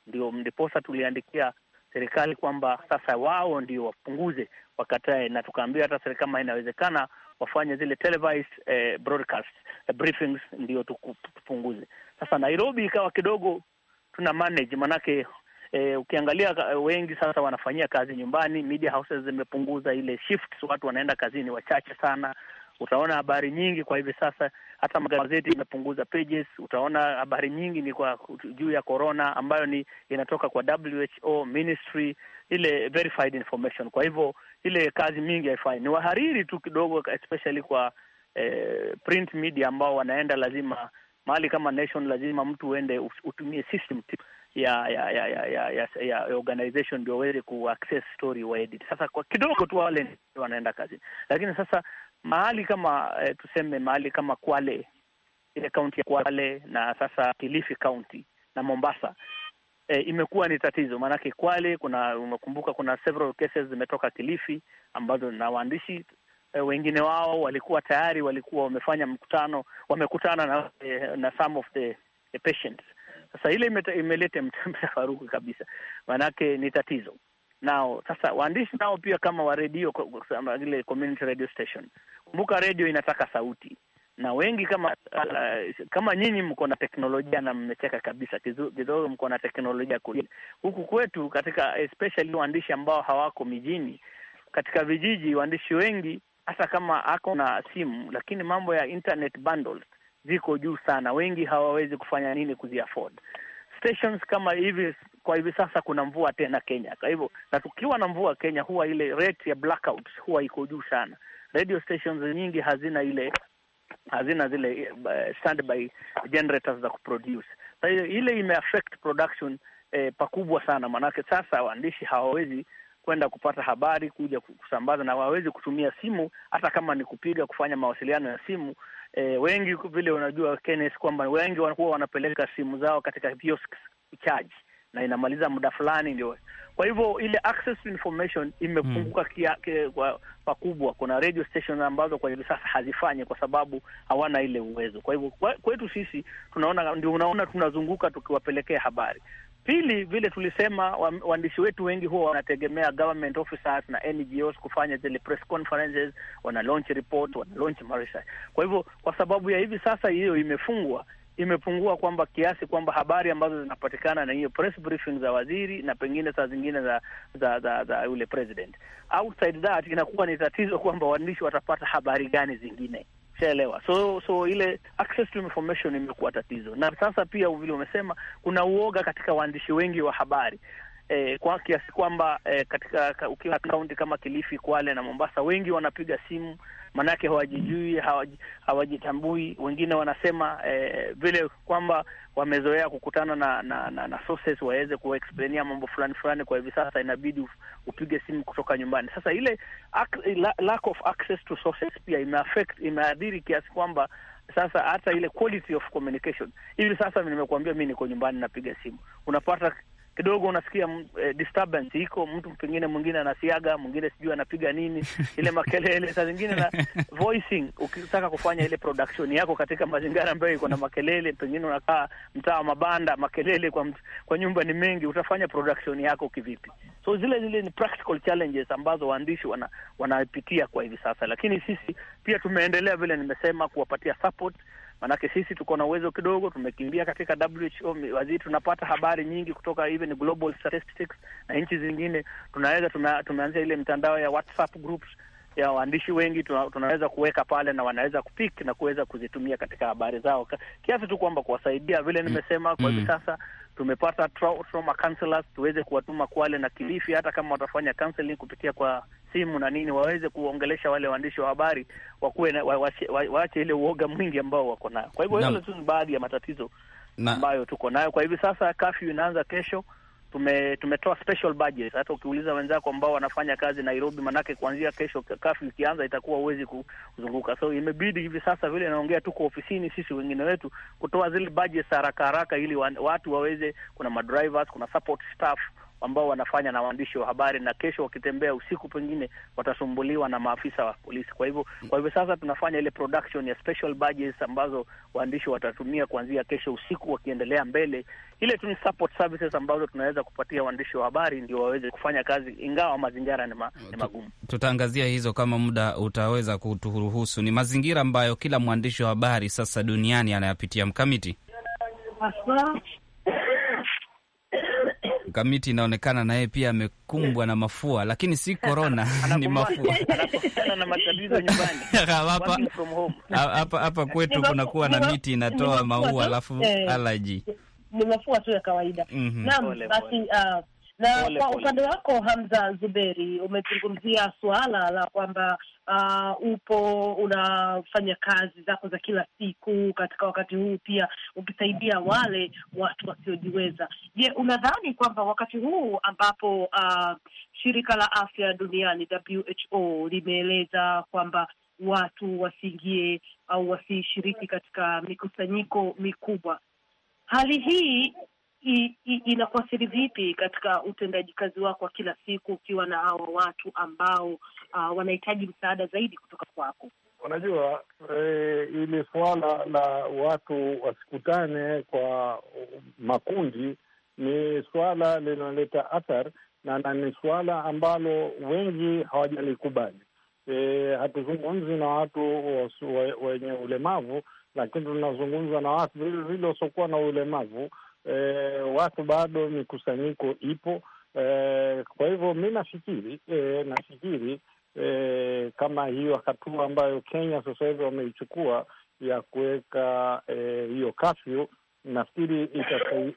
Ndio ndiposa tuliandikia serikali kwamba sasa wao ndio wapunguze, wakatae, na tukaambia hata serikali kama inawezekana wafanye zile televised eh, broadcast eh, briefings ndio tupunguze. Sasa Nairobi ikawa kidogo tuna manage manake Eh, ukiangalia eh, wengi sasa wanafanyia kazi nyumbani. Media houses zimepunguza ile shifts, watu wanaenda kazini wachache sana. Utaona habari nyingi kwa hivi sasa, hata magazeti imepunguza pages. Utaona habari nyingi ni kwa juu ya corona ambayo ni inatoka kwa WHO ministry, ile verified information. Kwa hivyo ile kazi mingi haifanyi. ni wahariri tu kidogo, especially kwa eh, print media ambao wanaenda lazima mahali kama nation, lazima mtu uende utumie system ya ya ya ya ya, ya, ya ya organization ndio waweze access story wa edit. Sasa kwa kidogo tu wale wanaenda kazi, lakini sasa mahali kama eh, tuseme mahali kama Kwale ile kaunti ya Kwale na sasa Kilifi kaunti na Mombasa e, imekuwa ni tatizo, maanake Kwale kuna umekumbuka, kuna several cases zimetoka Kilifi ambazo na waandishi e, wengine wao walikuwa tayari walikuwa wamefanya mkutano, wamekutana na, e, na some of the, the patients. Sasa ile imeleta mtafaruku kabisa, maanake ni tatizo nao sasa waandishi nao pia kama wa kama ile community radio station, kumbuka redio inataka sauti na wengi kama uh, kama nyinyi mko na teknolojia na mmecheka kabisa kidogo, mko na teknolojia kulia Huku kwetu katika especially waandishi ambao hawako mijini, katika vijiji, waandishi wengi hata kama ako na simu, lakini mambo ya internet bundles ziko juu sana, wengi hawawezi kufanya nini kuziafford stations kama hivi. Kwa hivi sasa kuna mvua tena Kenya, kwa hivyo na tukiwa na mvua Kenya, huwa ile rate ya blackout huwa iko juu sana. Radio stations nyingi hazina ile hazina zile uh, eh, standby generators za kuproduce. Kwa hiyo ile imeaffect production eh, pakubwa sana, maanake sasa waandishi hawawezi kwenda kupata habari kuja kusambaza, na hawawezi kutumia simu hata kama ni kupiga kufanya mawasiliano ya simu. E, wengi vile unajua Kenneth, kwamba wengi wanakuwa wanapeleka simu zao katika kiosk charge, na inamaliza muda fulani ndio kwa hivyo ile access to information imepunguka mm, pakubwa. Kuna radio stations ambazo kwa hivi sasa hazifanyi kwa sababu hawana ile uwezo. Kwa hivyo kwetu sisi tunaona, ndio unaona tunazunguka tukiwapelekea habari. Pili, vile tulisema, waandishi wetu wengi huwa wanategemea government officers na NGOs kufanya zile press conferences, wana launch report, wana launch research. Kwa hivyo kwa sababu ya hivi sasa hiyo imefungwa imepungua kwamba kiasi kwamba habari ambazo zinapatikana na hiyo press briefing za waziri na pengine saa zingine za za za, za yule president. Outside that inakuwa ni tatizo kwamba waandishi watapata habari gani zingine, shaelewa. So so ile access to information imekuwa tatizo, na sasa pia vile umesema kuna uoga katika waandishi wengi wa habari e, kwa kiasi kwamba e, katika ukiwa kaunti kama Kilifi, Kwale na Mombasa, wengi wanapiga simu maanake hawajijui, hawajitambui. Wengine wanasema eh, vile kwamba wamezoea kukutana na na, na, na sources waweze kuwaexplainia mambo fulani fulani, kwa hivi sasa inabidi upige simu kutoka nyumbani. Sasa ile lack of access to sources pia imeaffect, imeadhiri kiasi kwamba sasa hata ile quality of communication hivi sasa, nimekuambia mi niko nyumbani napiga simu, unapata kidogo unasikia e, disturbance iko, mtu pengine mwingine anasiaga, mwingine sijui anapiga nini, ile makelele saa zingine na voicing. Ukitaka kufanya ile production yako katika mazingira ambayo iko na makelele, pengine unakaa mtaa wa mabanda, makelele kwa mt, kwa nyumba ni mengi, utafanya production yako kivipi? So zile zile ni practical challenges ambazo waandishi wana, wanapitia kwa hivi sasa, lakini sisi pia tumeendelea vile nimesema kuwapatia support Maanake sisi tuko na uwezo kidogo, tumekimbia katika WHO wazii, tunapata habari nyingi kutoka even global statistics na nchi zingine. Tunaweza tuna, tumeanzia ile mitandao ya WhatsApp groups ya waandishi wengi tuna, tunaweza kuweka pale na wanaweza kupik na kuweza kuzitumia katika habari zao, kiasi tu kwamba kuwasaidia vile mm. nimesema. Kwa hivi mm. sasa tumepata trauma counselors tuweze kuwatuma Kwale na Kilifi, hata kama watafanya counseling kupitia kwa simu na nini, waweze kuongelesha wale waandishi wa habari wakuwe na, wa, wa, wa, waache ile uoga mwingi ambao wako nayo. Kwa hivyo hilo tu ni baadhi ya matatizo na ambayo tuko nayo kwa hivi sasa. Kafyu inaanza kesho tume, tumetoa special budget. Hata ukiuliza wenzako ambao wanafanya kazi Nairobi, manake kuanzia kesho kafu ikianza itakuwa huwezi kuzunguka, so imebidi hivi sasa, vile naongea, tuko ofisini sisi wengine wetu kutoa zile budget haraka haraka, ili watu waweze, kuna madrivers, kuna support staff ambao wanafanya na waandishi wa habari, na kesho wakitembea usiku, pengine watasumbuliwa na maafisa wa polisi. Kwa hivyo kwa hivyo sasa tunafanya ile production ya special badges ambazo waandishi watatumia kuanzia kesho usiku wakiendelea mbele. Ile tu ni support services ambazo tunaweza kupatia waandishi wa habari ndio waweze kufanya kazi, ingawa mazingira ni, ma, ni magumu. Tutaangazia hizo kama muda utaweza kuturuhusu. Ni mazingira ambayo kila mwandishi wa habari sasa duniani anayapitia mkamiti Mkamiti inaonekana naye pia amekumbwa na mafua, lakini si korona ni mafua hapa kwetu kunakuwa na miti inatoa maua eh. alafu alaji ni mafua tu ya kawaida. Mhm. Naam, basi ah, na kwa upande wako Hamza Zuberi, umezungumzia suala la kwamba uh, upo unafanya kazi zako za kila siku katika wakati huu pia ukisaidia wale watu wasiojiweza. Je, unadhani kwamba wakati huu ambapo uh, shirika la afya duniani WHO limeeleza kwamba watu wasiingie au wasishiriki katika mikusanyiko mikubwa, hali hii inakuathiri vipi katika utendaji kazi wako wa kila siku, ukiwa na hawa watu ambao uh, wanahitaji msaada zaidi kutoka kwako? Unajua e, eh, ili suala la watu wasikutane kwa makundi ni suala linaloleta athari na, na ni suala ambalo wengi hawajalikubali. E, hatuzungumzi na watu wenye ulemavu, lakini tunazungumza na watu vile vile wasiokuwa na ulemavu e, watu bado mikusanyiko ipo e, kwa hivyo mi nafikiri e, nafikiri e, kama hiyo hatua ambayo Kenya sasa hivi wameichukua ya kuweka e, hiyo kafyu nafikiri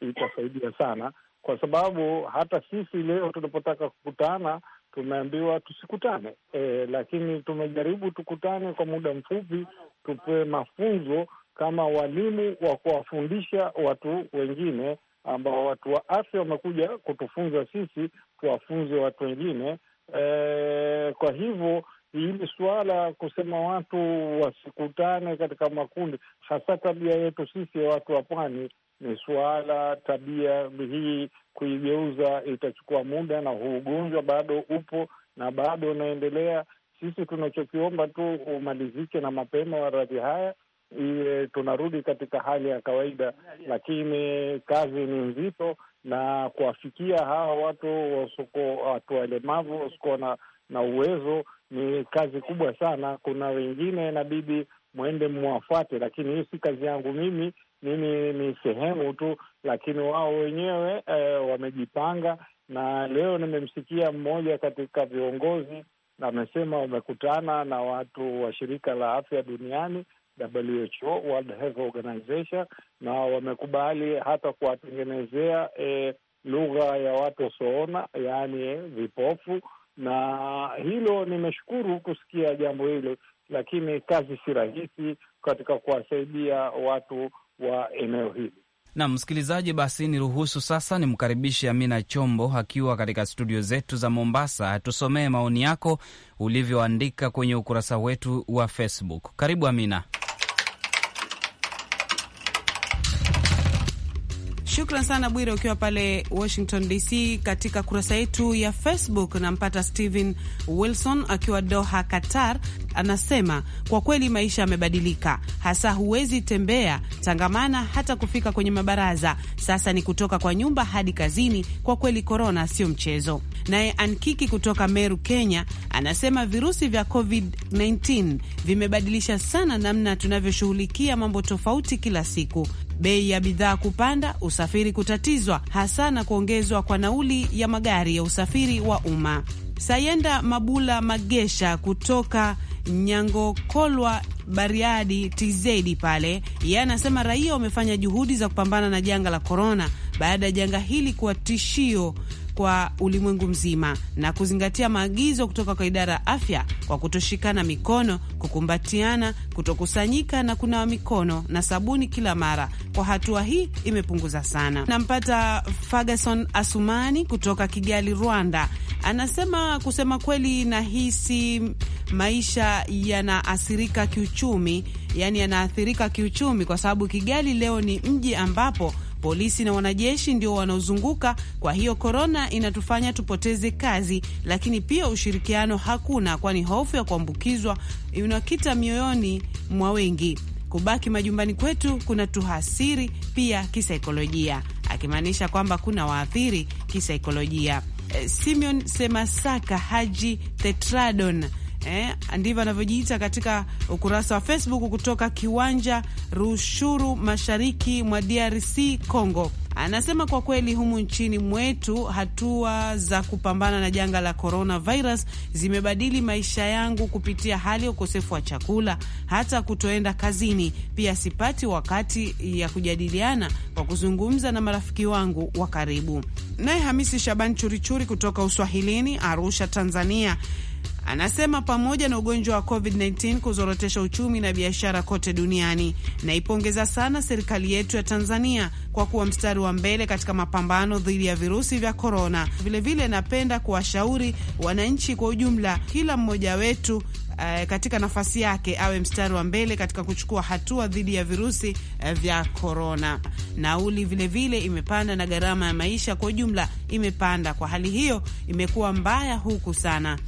itasaidia sana, kwa sababu hata sisi leo tunapotaka kukutana tumeambiwa tusikutane e, lakini tumejaribu tukutane kwa muda mfupi, tupewe mafunzo kama walimu wa kuwafundisha watu wengine, ambao watu wa afya wamekuja kutufunza sisi tuwafunze watu wengine. E, kwa hivyo hili suala kusema watu wasikutane katika makundi, hasa tabia yetu sisi ya watu wa pwani ni suala tabia hii kuigeuza itachukua muda, na huu ugonjwa bado upo na bado unaendelea. Sisi tunachokiomba tu umalizike na mapema maradhi haya, iwe tunarudi katika hali ya kawaida, lakini kazi ni nzito, na kuwafikia hawa watu wasoko, watu walemavu wasiokuwa na, na uwezo ni kazi kubwa sana. Kuna wengine inabidi mwende mwafuate, lakini hii si kazi yangu mimi. Mimi ni sehemu tu, lakini wao wenyewe e, wamejipanga. Na leo nimemsikia mmoja katika viongozi amesema wamekutana na watu wa shirika la afya duniani WHO, World Health Organization, na wamekubali hata kuwatengenezea e, lugha ya watu wasioona, yaani vipofu. Na hilo nimeshukuru kusikia jambo hilo, lakini kazi si rahisi katika kuwasaidia watu wa eneo hili. Na msikilizaji, basi niruhusu sasa nimkaribishe Amina Chombo akiwa katika studio zetu za Mombasa, atusomee maoni yako ulivyoandika kwenye ukurasa wetu wa Facebook. Karibu Amina. Shukran sana Bwire, ukiwa pale Washington DC. Katika kurasa yetu ya Facebook nampata stephen Wilson akiwa Doha, Qatar, anasema kwa kweli maisha yamebadilika, hasa huwezi tembea, tangamana, hata kufika kwenye mabaraza. Sasa ni kutoka kwa nyumba hadi kazini. Kwa kweli korona sio mchezo. Naye Ankiki kutoka Meru, Kenya, anasema virusi vya COVID-19 vimebadilisha sana namna tunavyoshughulikia mambo tofauti kila siku bei ya bidhaa kupanda, usafiri kutatizwa, hasa na kuongezwa kwa nauli ya magari ya usafiri wa umma. Sayenda Mabula Magesha kutoka Nyangokolwa, Bariadi, tz pale, yeye anasema raia wamefanya juhudi za kupambana na janga la korona baada ya janga hili kuwa tishio kwa ulimwengu mzima na kuzingatia maagizo kutoka kwa idara ya afya kwa kutoshikana mikono, kukumbatiana, kutokusanyika na kunawa mikono na sabuni kila mara. Kwa hatua hii imepunguza sana. Nampata Ferguson Asumani kutoka Kigali, Rwanda, anasema kusema kweli, nahisi maisha yanaathirika kiuchumi, yani yanaathirika kiuchumi kwa sababu Kigali leo ni mji ambapo polisi na wanajeshi ndio wanaozunguka. Kwa hiyo korona inatufanya tupoteze kazi, lakini pia ushirikiano hakuna, kwani hofu ya kuambukizwa inakita mioyoni mwa wengi. Kubaki majumbani kwetu kuna tuhasiri pia kisaikolojia, akimaanisha kwamba kuna waathiri kisaikolojia. Eh, Simeon Semasaka Haji Tetradon eh, ndivyo anavyojiita katika ukurasa wa Facebook kutoka Kiwanja Rushuru, mashariki mwa DRC Congo. Anasema kwa kweli humu nchini mwetu hatua za kupambana na janga la coronavirus zimebadili maisha yangu kupitia hali ya ukosefu wa chakula, hata kutoenda kazini. Pia sipati wakati ya kujadiliana kwa kuzungumza na marafiki wangu wa karibu. Naye Hamisi Shaban Churichuri kutoka Uswahilini, Arusha, Tanzania, Anasema pamoja na ugonjwa wa COVID-19 kuzorotesha uchumi na biashara kote duniani, naipongeza sana serikali yetu ya Tanzania kwa kuwa mstari wa mbele katika mapambano dhidi ya virusi vya korona. Vilevile napenda kuwashauri wananchi kwa ujumla, kila mmoja wetu Uh, katika nafasi yake awe mstari wa mbele katika kuchukua hatua dhidi ya virusi uh, vya korona. Nauli vilevile vile imepanda na gharama ya maisha kwa ujumla imepanda. Kwa hali hiyo imekuwa mbaya huku sana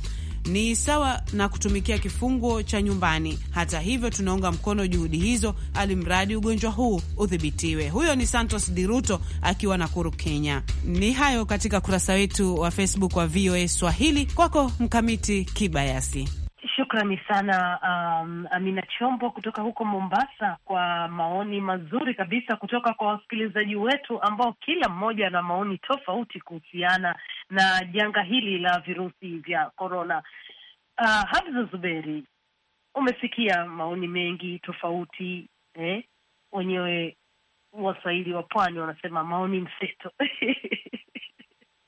ni sawa na kutumikia kifungo cha nyumbani. Hata hivyo, tunaunga mkono juhudi hizo, alimradi ugonjwa huu udhibitiwe. Huyo ni Santos Diruto akiwa Nakuru, Kenya. Ni hayo katika kurasa wetu wa Facebook wa VOA Swahili. Kwako Mkamiti Kibayasi. Shukrani sana um, Amina Chombo kutoka huko Mombasa kwa maoni mazuri kabisa kutoka kwa wasikilizaji wetu ambao kila mmoja ana maoni tofauti kuhusiana na janga hili la virusi vya korona. Uh, Habza Zuberi, umesikia maoni mengi tofauti eh? Wenyewe Waswahili wa pwani wanasema maoni mseto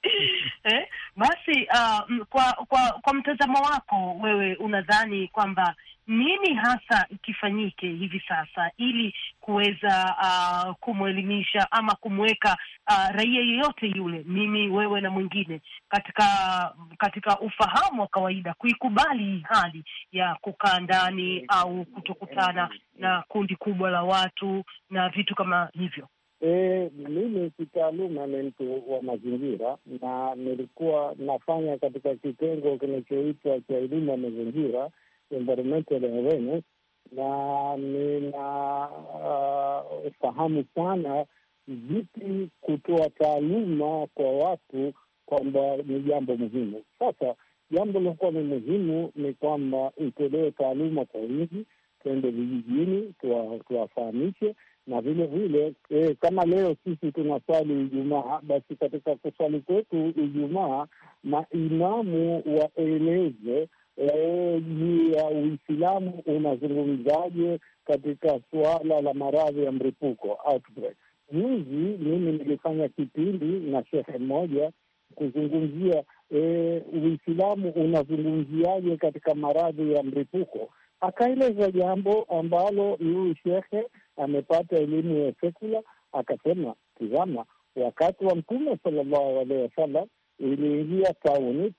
eh, basi uh, kwa kwa kwa mtazamo wako wewe unadhani kwamba nini hasa kifanyike hivi sasa ili kuweza uh, kumwelimisha ama kumweka uh, raia yeyote yule, mimi wewe na mwingine, katika katika ufahamu wa kawaida kuikubali hali ya kukaa ndani au kutokutana na kundi kubwa la watu na vitu kama hivyo? E, mimi kitaaluma ni mtu wa mazingira na nilikuwa nafanya katika kitengo kinachoitwa cha elimu ya mazingira, environmental awareness, na nina ufahamu uh, sana vipi kutoa taaluma kwa watu kwamba ni jambo muhimu. Sasa jambo lilokuwa ni muhimu ni kwamba itolewe taaluma kwa wingi, tuende vijijini, tuwafahamishe tuwa na vile vile e, kama leo sisi tunaswali Ijumaa, basi katika kuswali kwetu Ijumaa maimamu waeleze eh, juu ya Uislamu unazungumzaje katika suala la maradhi ya mripuko outbreak. Juzi mimi nilifanya kipindi na shehe mmoja kuzungumzia e, Uislamu unazungumziaje katika maradhi ya mripuko akaeleza jambo ambalo huyu shekhe amepata elimu ya sekula, akasema tizama, wakati wa Mtume sallallahu alehi wasallam iliingia tauni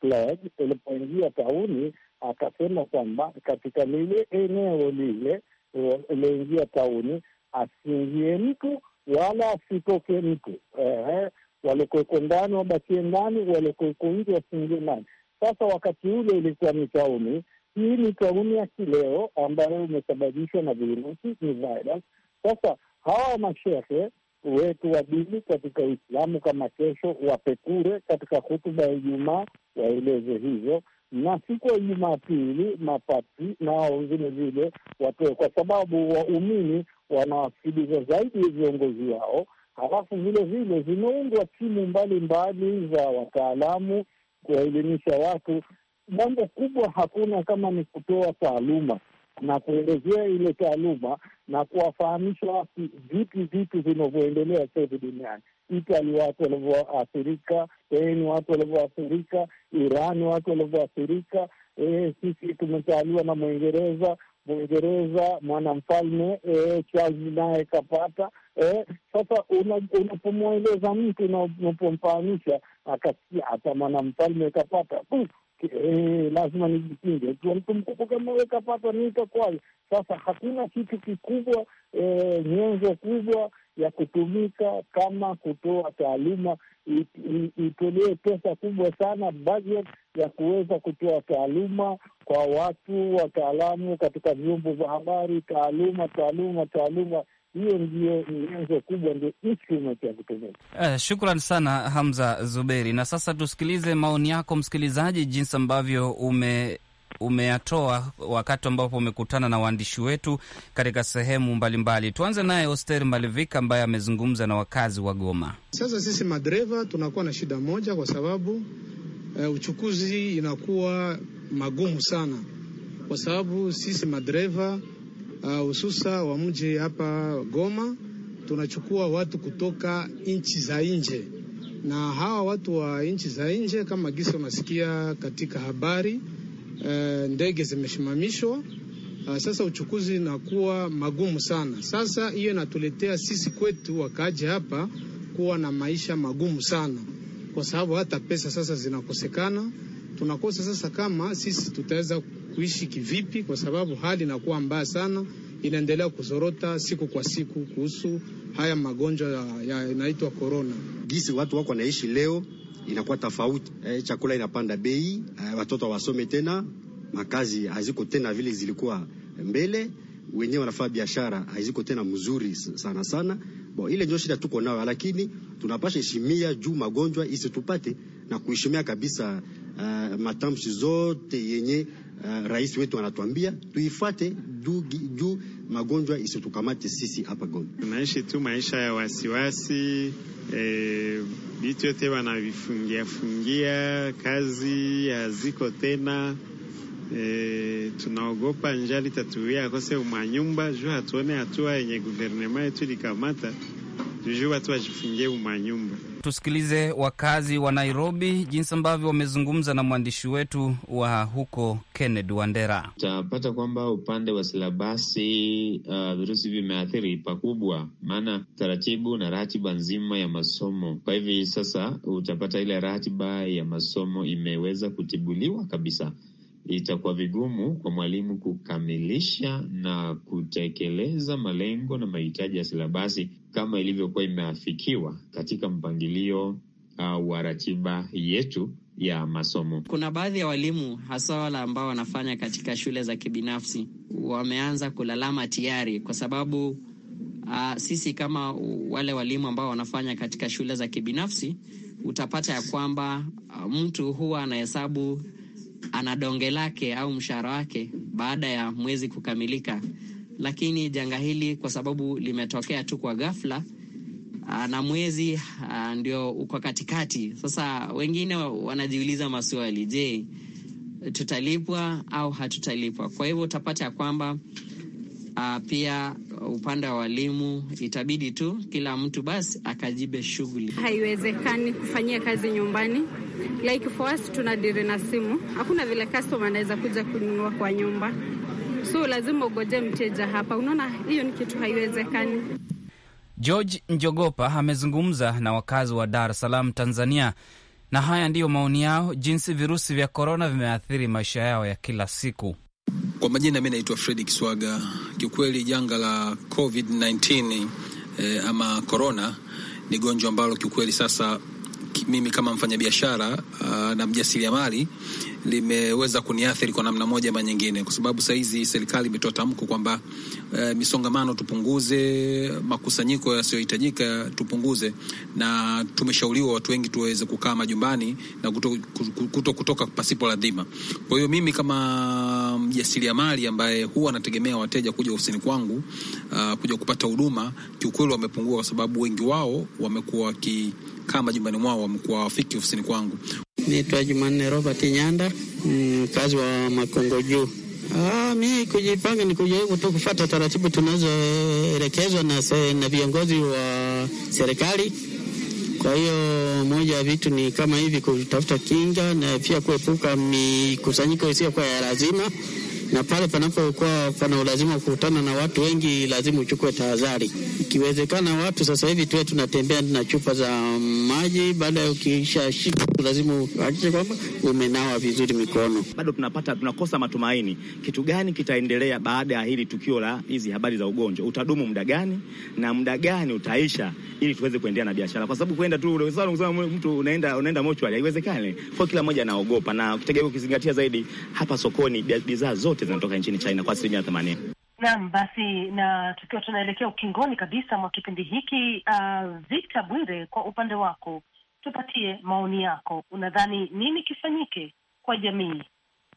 ilipoingia tauni akasema kwamba katika lile eneo lile iliingia tauni asiingie mtu wala asitoke mtu eh, walikuweko ndani wabakie ndani, walikuweko nje wasiingie ndani. Sasa wakati ule ilikuwa ni tauni hii ni kauni ya kileo ambayo imesababishwa na virusi, ni virus. Sasa hawa mashehe wetu wa dini katika Uislamu, kama kesho wapekure katika hutuba ya Ijumaa waeleze hivyo, na siku ya Jumapili mapati nao vilevile vile watoe, kwa sababu waumini wanawasikiliza zaidi viongozi wao. Halafu vile vile zimeundwa timu mbalimbali za wataalamu kuwaelimisha watu mambo kubwa hakuna kama ni kutoa taaluma na kuelezea ile taaluma na kuwafahamisha watu vipi vitu vinavyoendelea sasa duniani. Itali watu walivyoathirika, Spain watu walivyoathirika, Irani watu walivyoathirika. E, sisi tumetawaliwa na Mwingereza. Mwingereza mwanamfalme e, Charles naye kapata e. Sasa unapomweleza mtu unapomfahamisha, akasikia hata mwanamfalme kapata eh, lazima nijipinge. Ukiwa mtu mkubwa kama wewe, kapata nini kakwaje? Sasa hakuna kitu kikubwa, eh, nyenzo kubwa ya kutumika kama kutoa taaluma itolee pesa kubwa sana budget ya kuweza kutoa taaluma kwa watu wataalamu katika vyombo vya habari, taaluma taaluma taaluma hiyo ndio nyenzo kubwa, ndio instrument ya kutumika. Eh, shukran sana Hamza Zuberi. Na sasa tusikilize maoni yako msikilizaji, jinsi ambavyo ume umeyatoa wakati ambapo umekutana na waandishi wetu katika sehemu mbalimbali. Tuanze naye Oster Malivika ambaye amezungumza na wakazi wa Goma. Sasa sisi madereva tunakuwa na shida moja, kwa sababu e, uchukuzi inakuwa magumu sana, kwa sababu sisi madereva Ah, hususa uh, wa mji hapa Goma, tunachukua watu kutoka nchi za nje, na hawa watu wa nchi za nje kama gisi unasikia katika habari uh, ndege zimeshimamishwa. Uh, sasa uchukuzi nakuwa magumu sana. Sasa hiyo inatuletea sisi kwetu wakaaji hapa kuwa na maisha magumu sana, kwa sababu hata pesa sasa zinakosekana. Tunakosa sasa kama sisi tutaweza kuishi kivipi, kwa sababu hali inakuwa mbaya sana, inaendelea kuzorota siku kwa siku kuhusu haya magonjwa yanaitwa korona. Gisi watu wako wanaishi leo inakuwa tofauti eh, chakula inapanda bei eh, watoto wasome tena, makazi haziko tena vile zilikuwa mbele, wenyewe wanafanya biashara haziko tena mzuri sana sana. Bo, ile ndio shida tuko nayo, lakini tunapasha heshimia juu magonjwa isitupate na kuheshimia kabisa uh, matamshi zote yenye Eh, rais wetu anatuambia tuifuate juu magonjwa isitukamate sisi hapa Goma. Tunaishi tu maisha ya wasiwasi eh, vitu yote wanavifungia fungia, kazi haziko tena e, tunaogopa njali tatuia akose umanyumba juu hatuone hatua yenye guvernema yetu likamata juu watu wajifungie umanyumba Tusikilize wakazi wa Nairobi jinsi ambavyo wamezungumza na mwandishi wetu wa huko Kennedy Wandera. Utapata kwamba upande wa silabasi uh, virusi vimeathiri pakubwa, maana taratibu na ratiba nzima ya masomo. Kwa hivi sasa utapata ile ratiba ya masomo imeweza kutibuliwa kabisa itakuwa vigumu kwa mwalimu kukamilisha na kutekeleza malengo na mahitaji ya silabasi kama ilivyokuwa imeafikiwa katika mpangilio uh, wa ratiba yetu ya masomo. Kuna baadhi ya walimu hasa wale ambao wanafanya katika shule za kibinafsi wameanza kulalama tayari, kwa sababu uh, sisi kama wale walimu ambao wanafanya katika shule za kibinafsi utapata ya kwamba uh, mtu huwa anahesabu ana donge lake au mshahara wake baada ya mwezi kukamilika. Lakini janga hili kwa sababu limetokea tu kwa ghafla ah, na mwezi ah, ndio uko katikati. Sasa wengine wanajiuliza maswali, je, tutalipwa au hatutalipwa? Kwa hivyo utapata ya kwamba Aa, ah, pia upande wa walimu itabidi tu kila mtu basi akajibe shughuli. Haiwezekani kufanyia kazi nyumbani, like for us tunadiri na simu. Hakuna vile customer anaweza kuja kununua kwa nyumba, so lazima ugoje mteja hapa. Unaona, hiyo ni kitu haiwezekani. George Njogopa amezungumza na wakazi wa Dar es Salaam, Tanzania, na haya ndiyo maoni yao jinsi virusi vya korona vimeathiri maisha yao ya kila siku. Kwa majina mi naitwa Fredi Kiswaga. Kiukweli janga la COVID-19 eh, ama corona ni gonjwa ambalo kiukweli sasa mimi kama mfanyabiashara ah, na mjasiriamali limeweza kuniathiri kwa namna moja ama nyingine, kwa sababu sahizi serikali imetoa tamko kwamba e, misongamano tupunguze, makusanyiko yasiyohitajika tupunguze, na tumeshauriwa watu wengi tuweze kukaa majumbani na kuto, kuto kutoka pasipo lazima. Kwa hiyo mimi kama mjasiriamali ambaye huwa anategemea wateja kuja ofisini kwangu uh, kuja kupata huduma, kiukweli wamepungua, kwa sababu wengi wao wamekuwa waki wamekaa majumbani mwao wamekuwa wafiki ofisini kwangu. Naitwa Jumanne Robert Nyanda, mm, mkazi wa Makongo Juu. Ah, mi kujipanga ni kujaribu tu kufata taratibu tunazoelekezwa na, na viongozi wa serikali. Kwa hiyo moja ya vitu ni kama hivi, kutafuta kinga na pia kuepuka mikusanyiko isiyokuwa ya lazima na pale panapokuwa pana ulazima kukutana na watu wengi, lazima uchukue tahadhari. Ikiwezekana watu sasa hivi tuwe tunatembea na chupa za maji, baada ya ukiisha lazima uhakikishe kwamba umenawa vizuri mikono. Bado tunapata tunakosa matumaini, kitu gani kitaendelea baada ya hili tukio la hizi habari za ugonjwa? Utadumu muda gani na muda gani utaisha, ili tuweze kuendelea na biashara, kwa sababu kwenda tu mtu unaenda unaenda mochwari haiwezekani, kwa kila mmoja anaogopa, na ukitegemea ukizingatia zaidi hapa sokoni bidhaa zote zinatoka nchini China kwa asilimia themanini. Naam, basi na tukiwa tunaelekea ukingoni kabisa mwa kipindi hiki, uh, Victor Bwire, kwa upande wako tupatie maoni yako. Unadhani nini kifanyike kwa jamii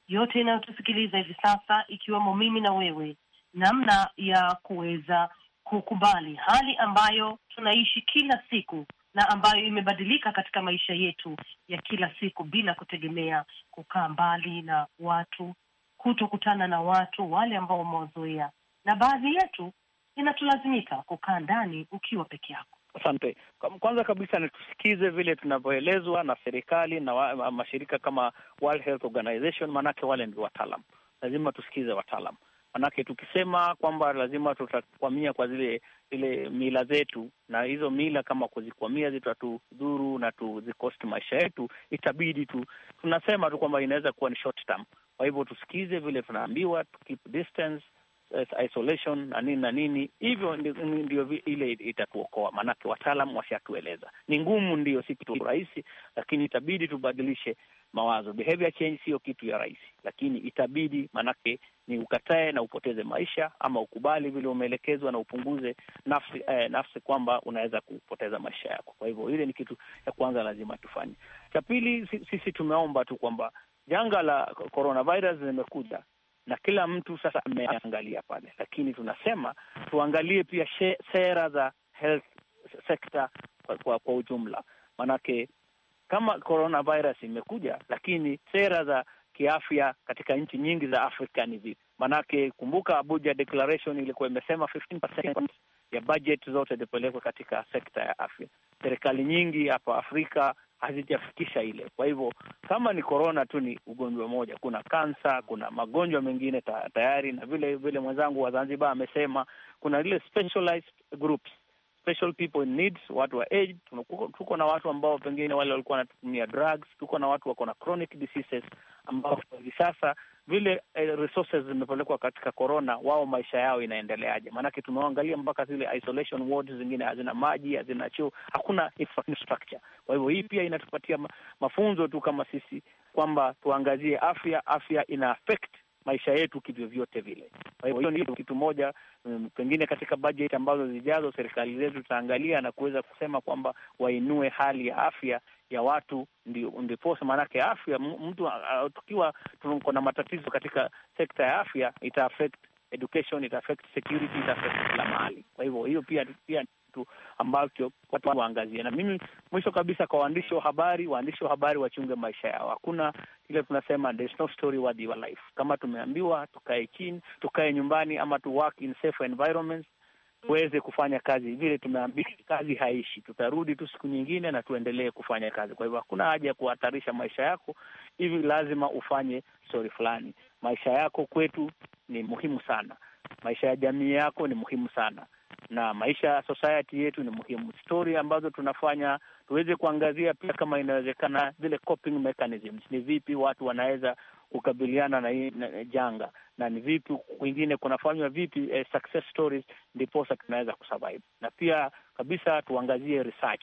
yote inayotusikiliza hivi sasa, ikiwemo mimi na wewe, namna ya kuweza kukubali hali ambayo tunaishi kila siku na ambayo imebadilika katika maisha yetu ya kila siku, bila kutegemea kukaa mbali na watu, kutokutana na watu wale ambao wamewazoea, na baadhi yetu inatulazimika kukaa ndani ukiwa peke yako. Asante. Kwanza kabisa ni tusikize vile tunavyoelezwa na serikali na wa, mashirika kama World Health Organization, maanake wale ndio wataalam, lazima tusikize wataalam, maanake tukisema kwamba lazima tutakwamia kwa zile zile mila zetu, na hizo mila kama kuzikwamia zitatudhuru na tuzikosti maisha yetu, itabidi tu tunasema tu kwamba inaweza kuwa ni short term. Kwa hivyo tusikize vile tunaambiwa tu keep distance Eh, isolation na nini na nini, hivyo ndio ile itatuokoa. Maanake wataalam washatueleza ni ngumu, ndio si kitu rahisi, lakini itabidi tubadilishe mawazo. Behavior change siyo kitu ya rahisi, lakini itabidi, maanake ni ukatae na upoteze maisha ama ukubali vile umeelekezwa na upunguze nafsi, eh, nafsi kwamba unaweza kupoteza maisha yako. Kwa hivyo ile ni kitu ya kwanza lazima tufanye. Cha pili, sisi tumeomba tu kwamba janga la coronavirus limekuja na kila mtu sasa ameangalia pale, lakini tunasema tuangalie pia she, sera za health sector kwa, kwa, kwa ujumla, maanake kama coronavirus imekuja, lakini sera za kiafya katika nchi nyingi za Afrika ni vipi? Maanake kumbuka Abuja Declaration ilikuwa imesema 15% ya budget zote zipelekwe katika sekta ya afya. Serikali nyingi hapa Afrika hazijafikisha ile. Kwa hivyo kama ni korona tu, ni ugonjwa mmoja, kuna kansa, kuna magonjwa mengine ta, tayari na vile vile mwenzangu wa Zanzibar amesema kuna lile specialized groups, special people in needs, watu wa tuko na watu ambao pengine wale walikuwa wanatumia drugs, tuko na watu wako na chronic diseases ambao hivi sasa vile eh, resources zimepelekwa katika corona, wao maisha yao inaendeleaje? Maanake tumeangalia mpaka zile isolation wards zingine hazina maji, hazina choo, hakuna infrastructure. Kwa hivyo hii pia inatupatia mafunzo tu kama sisi kwamba tuangazie afya. Afya ina affect maisha yetu kivyovyote vile. Kwa hivyo hiyo ndio kitu moja um, pengine katika bajeti ambazo zijazo serikali zetu zitaangalia na kuweza kusema kwamba wainue hali ya afya ya watu, ndiposa maanake afya mtu tukiwa tuko na matatizo katika sekta ya afya ita affect education, ita affect security, ita affect kila mahali. Kwa hivyo hiyo pia pia kitu ambacho watu waangazie. Na mimi mwisho kabisa, kwa waandishi wa habari, waandishi wa habari wachunge maisha yao. Hakuna ile tunasema there is no story worthy of life. Kama tumeambiwa tukae chini, tukae nyumbani, ama tu work in safe environments tuweze kufanya kazi vile tumeambiwa. Kazi haishi, tutarudi tu siku nyingine na tuendelee kufanya kazi. Kwa hivyo hakuna haja ya kuhatarisha maisha yako hivi, lazima ufanye stori fulani. Maisha yako kwetu ni muhimu sana, maisha ya jamii yako ni muhimu sana, na maisha ya society yetu ni muhimu. Stori ambazo tunafanya tuweze kuangazia pia, kama inawezekana, zile coping mechanisms, ni vipi watu wanaweza kukabiliana na hii janga na ni vipi kwingine kunafanywa vipi, eh, success stories, ndiposa tunaweza kusurvive. Na pia kabisa tuangazie research.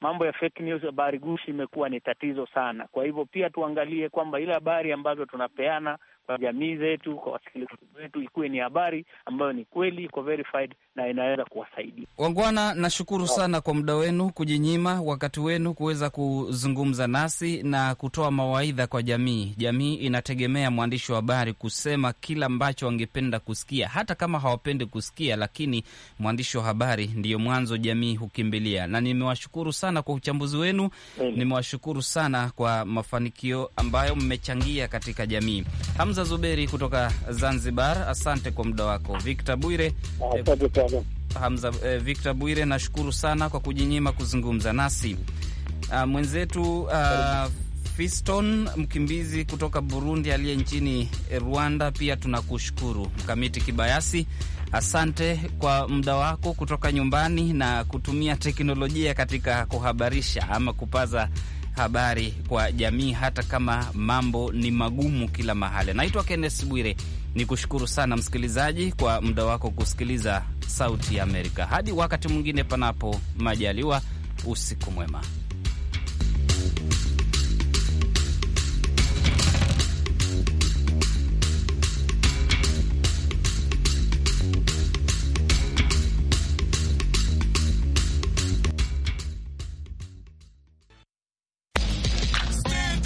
Mambo ya fake news, habari gushi imekuwa ni tatizo sana. Kwa hivyo pia tuangalie kwamba ile habari ambazo tunapeana kwa jamii zetu, kwa wasikilizaji wetu, ikuwe ni habari ambayo ni kweli, iko verified na inaweza kuwasaidia wangwana. Nashukuru sana kwa muda wenu, kujinyima wakati wenu kuweza kuzungumza nasi na kutoa mawaidha kwa jamii. Jamii inategemea mwandishi wa habari kusema kila ambacho wangependa kusikia, hata kama hawapendi kusikia, lakini mwandishi wa habari ndiyo mwanzo jamii hukimbilia. Na nimewashukuru sana kwa uchambuzi wenu, nimewashukuru sana kwa mafanikio ambayo mmechangia katika jamii Hamza Hamza Zuberi kutoka Zanzibar, asante kwa muda wako. Victor Bwire, eh, Hamza, eh, Victor Bwire, nashukuru sana kwa kujinyima kuzungumza nasi. Uh, mwenzetu uh, Fiston mkimbizi kutoka Burundi aliye nchini Rwanda, pia tunakushukuru. Mkamiti Kibayasi, asante kwa muda wako kutoka nyumbani na kutumia teknolojia katika kuhabarisha ama kupaza habari kwa jamii, hata kama mambo ni magumu kila mahali. Naitwa Kenneth Bwire, ni kushukuru sana msikilizaji kwa muda wako kusikiliza Sauti ya Amerika. Hadi wakati mwingine, panapo majaliwa, usiku mwema.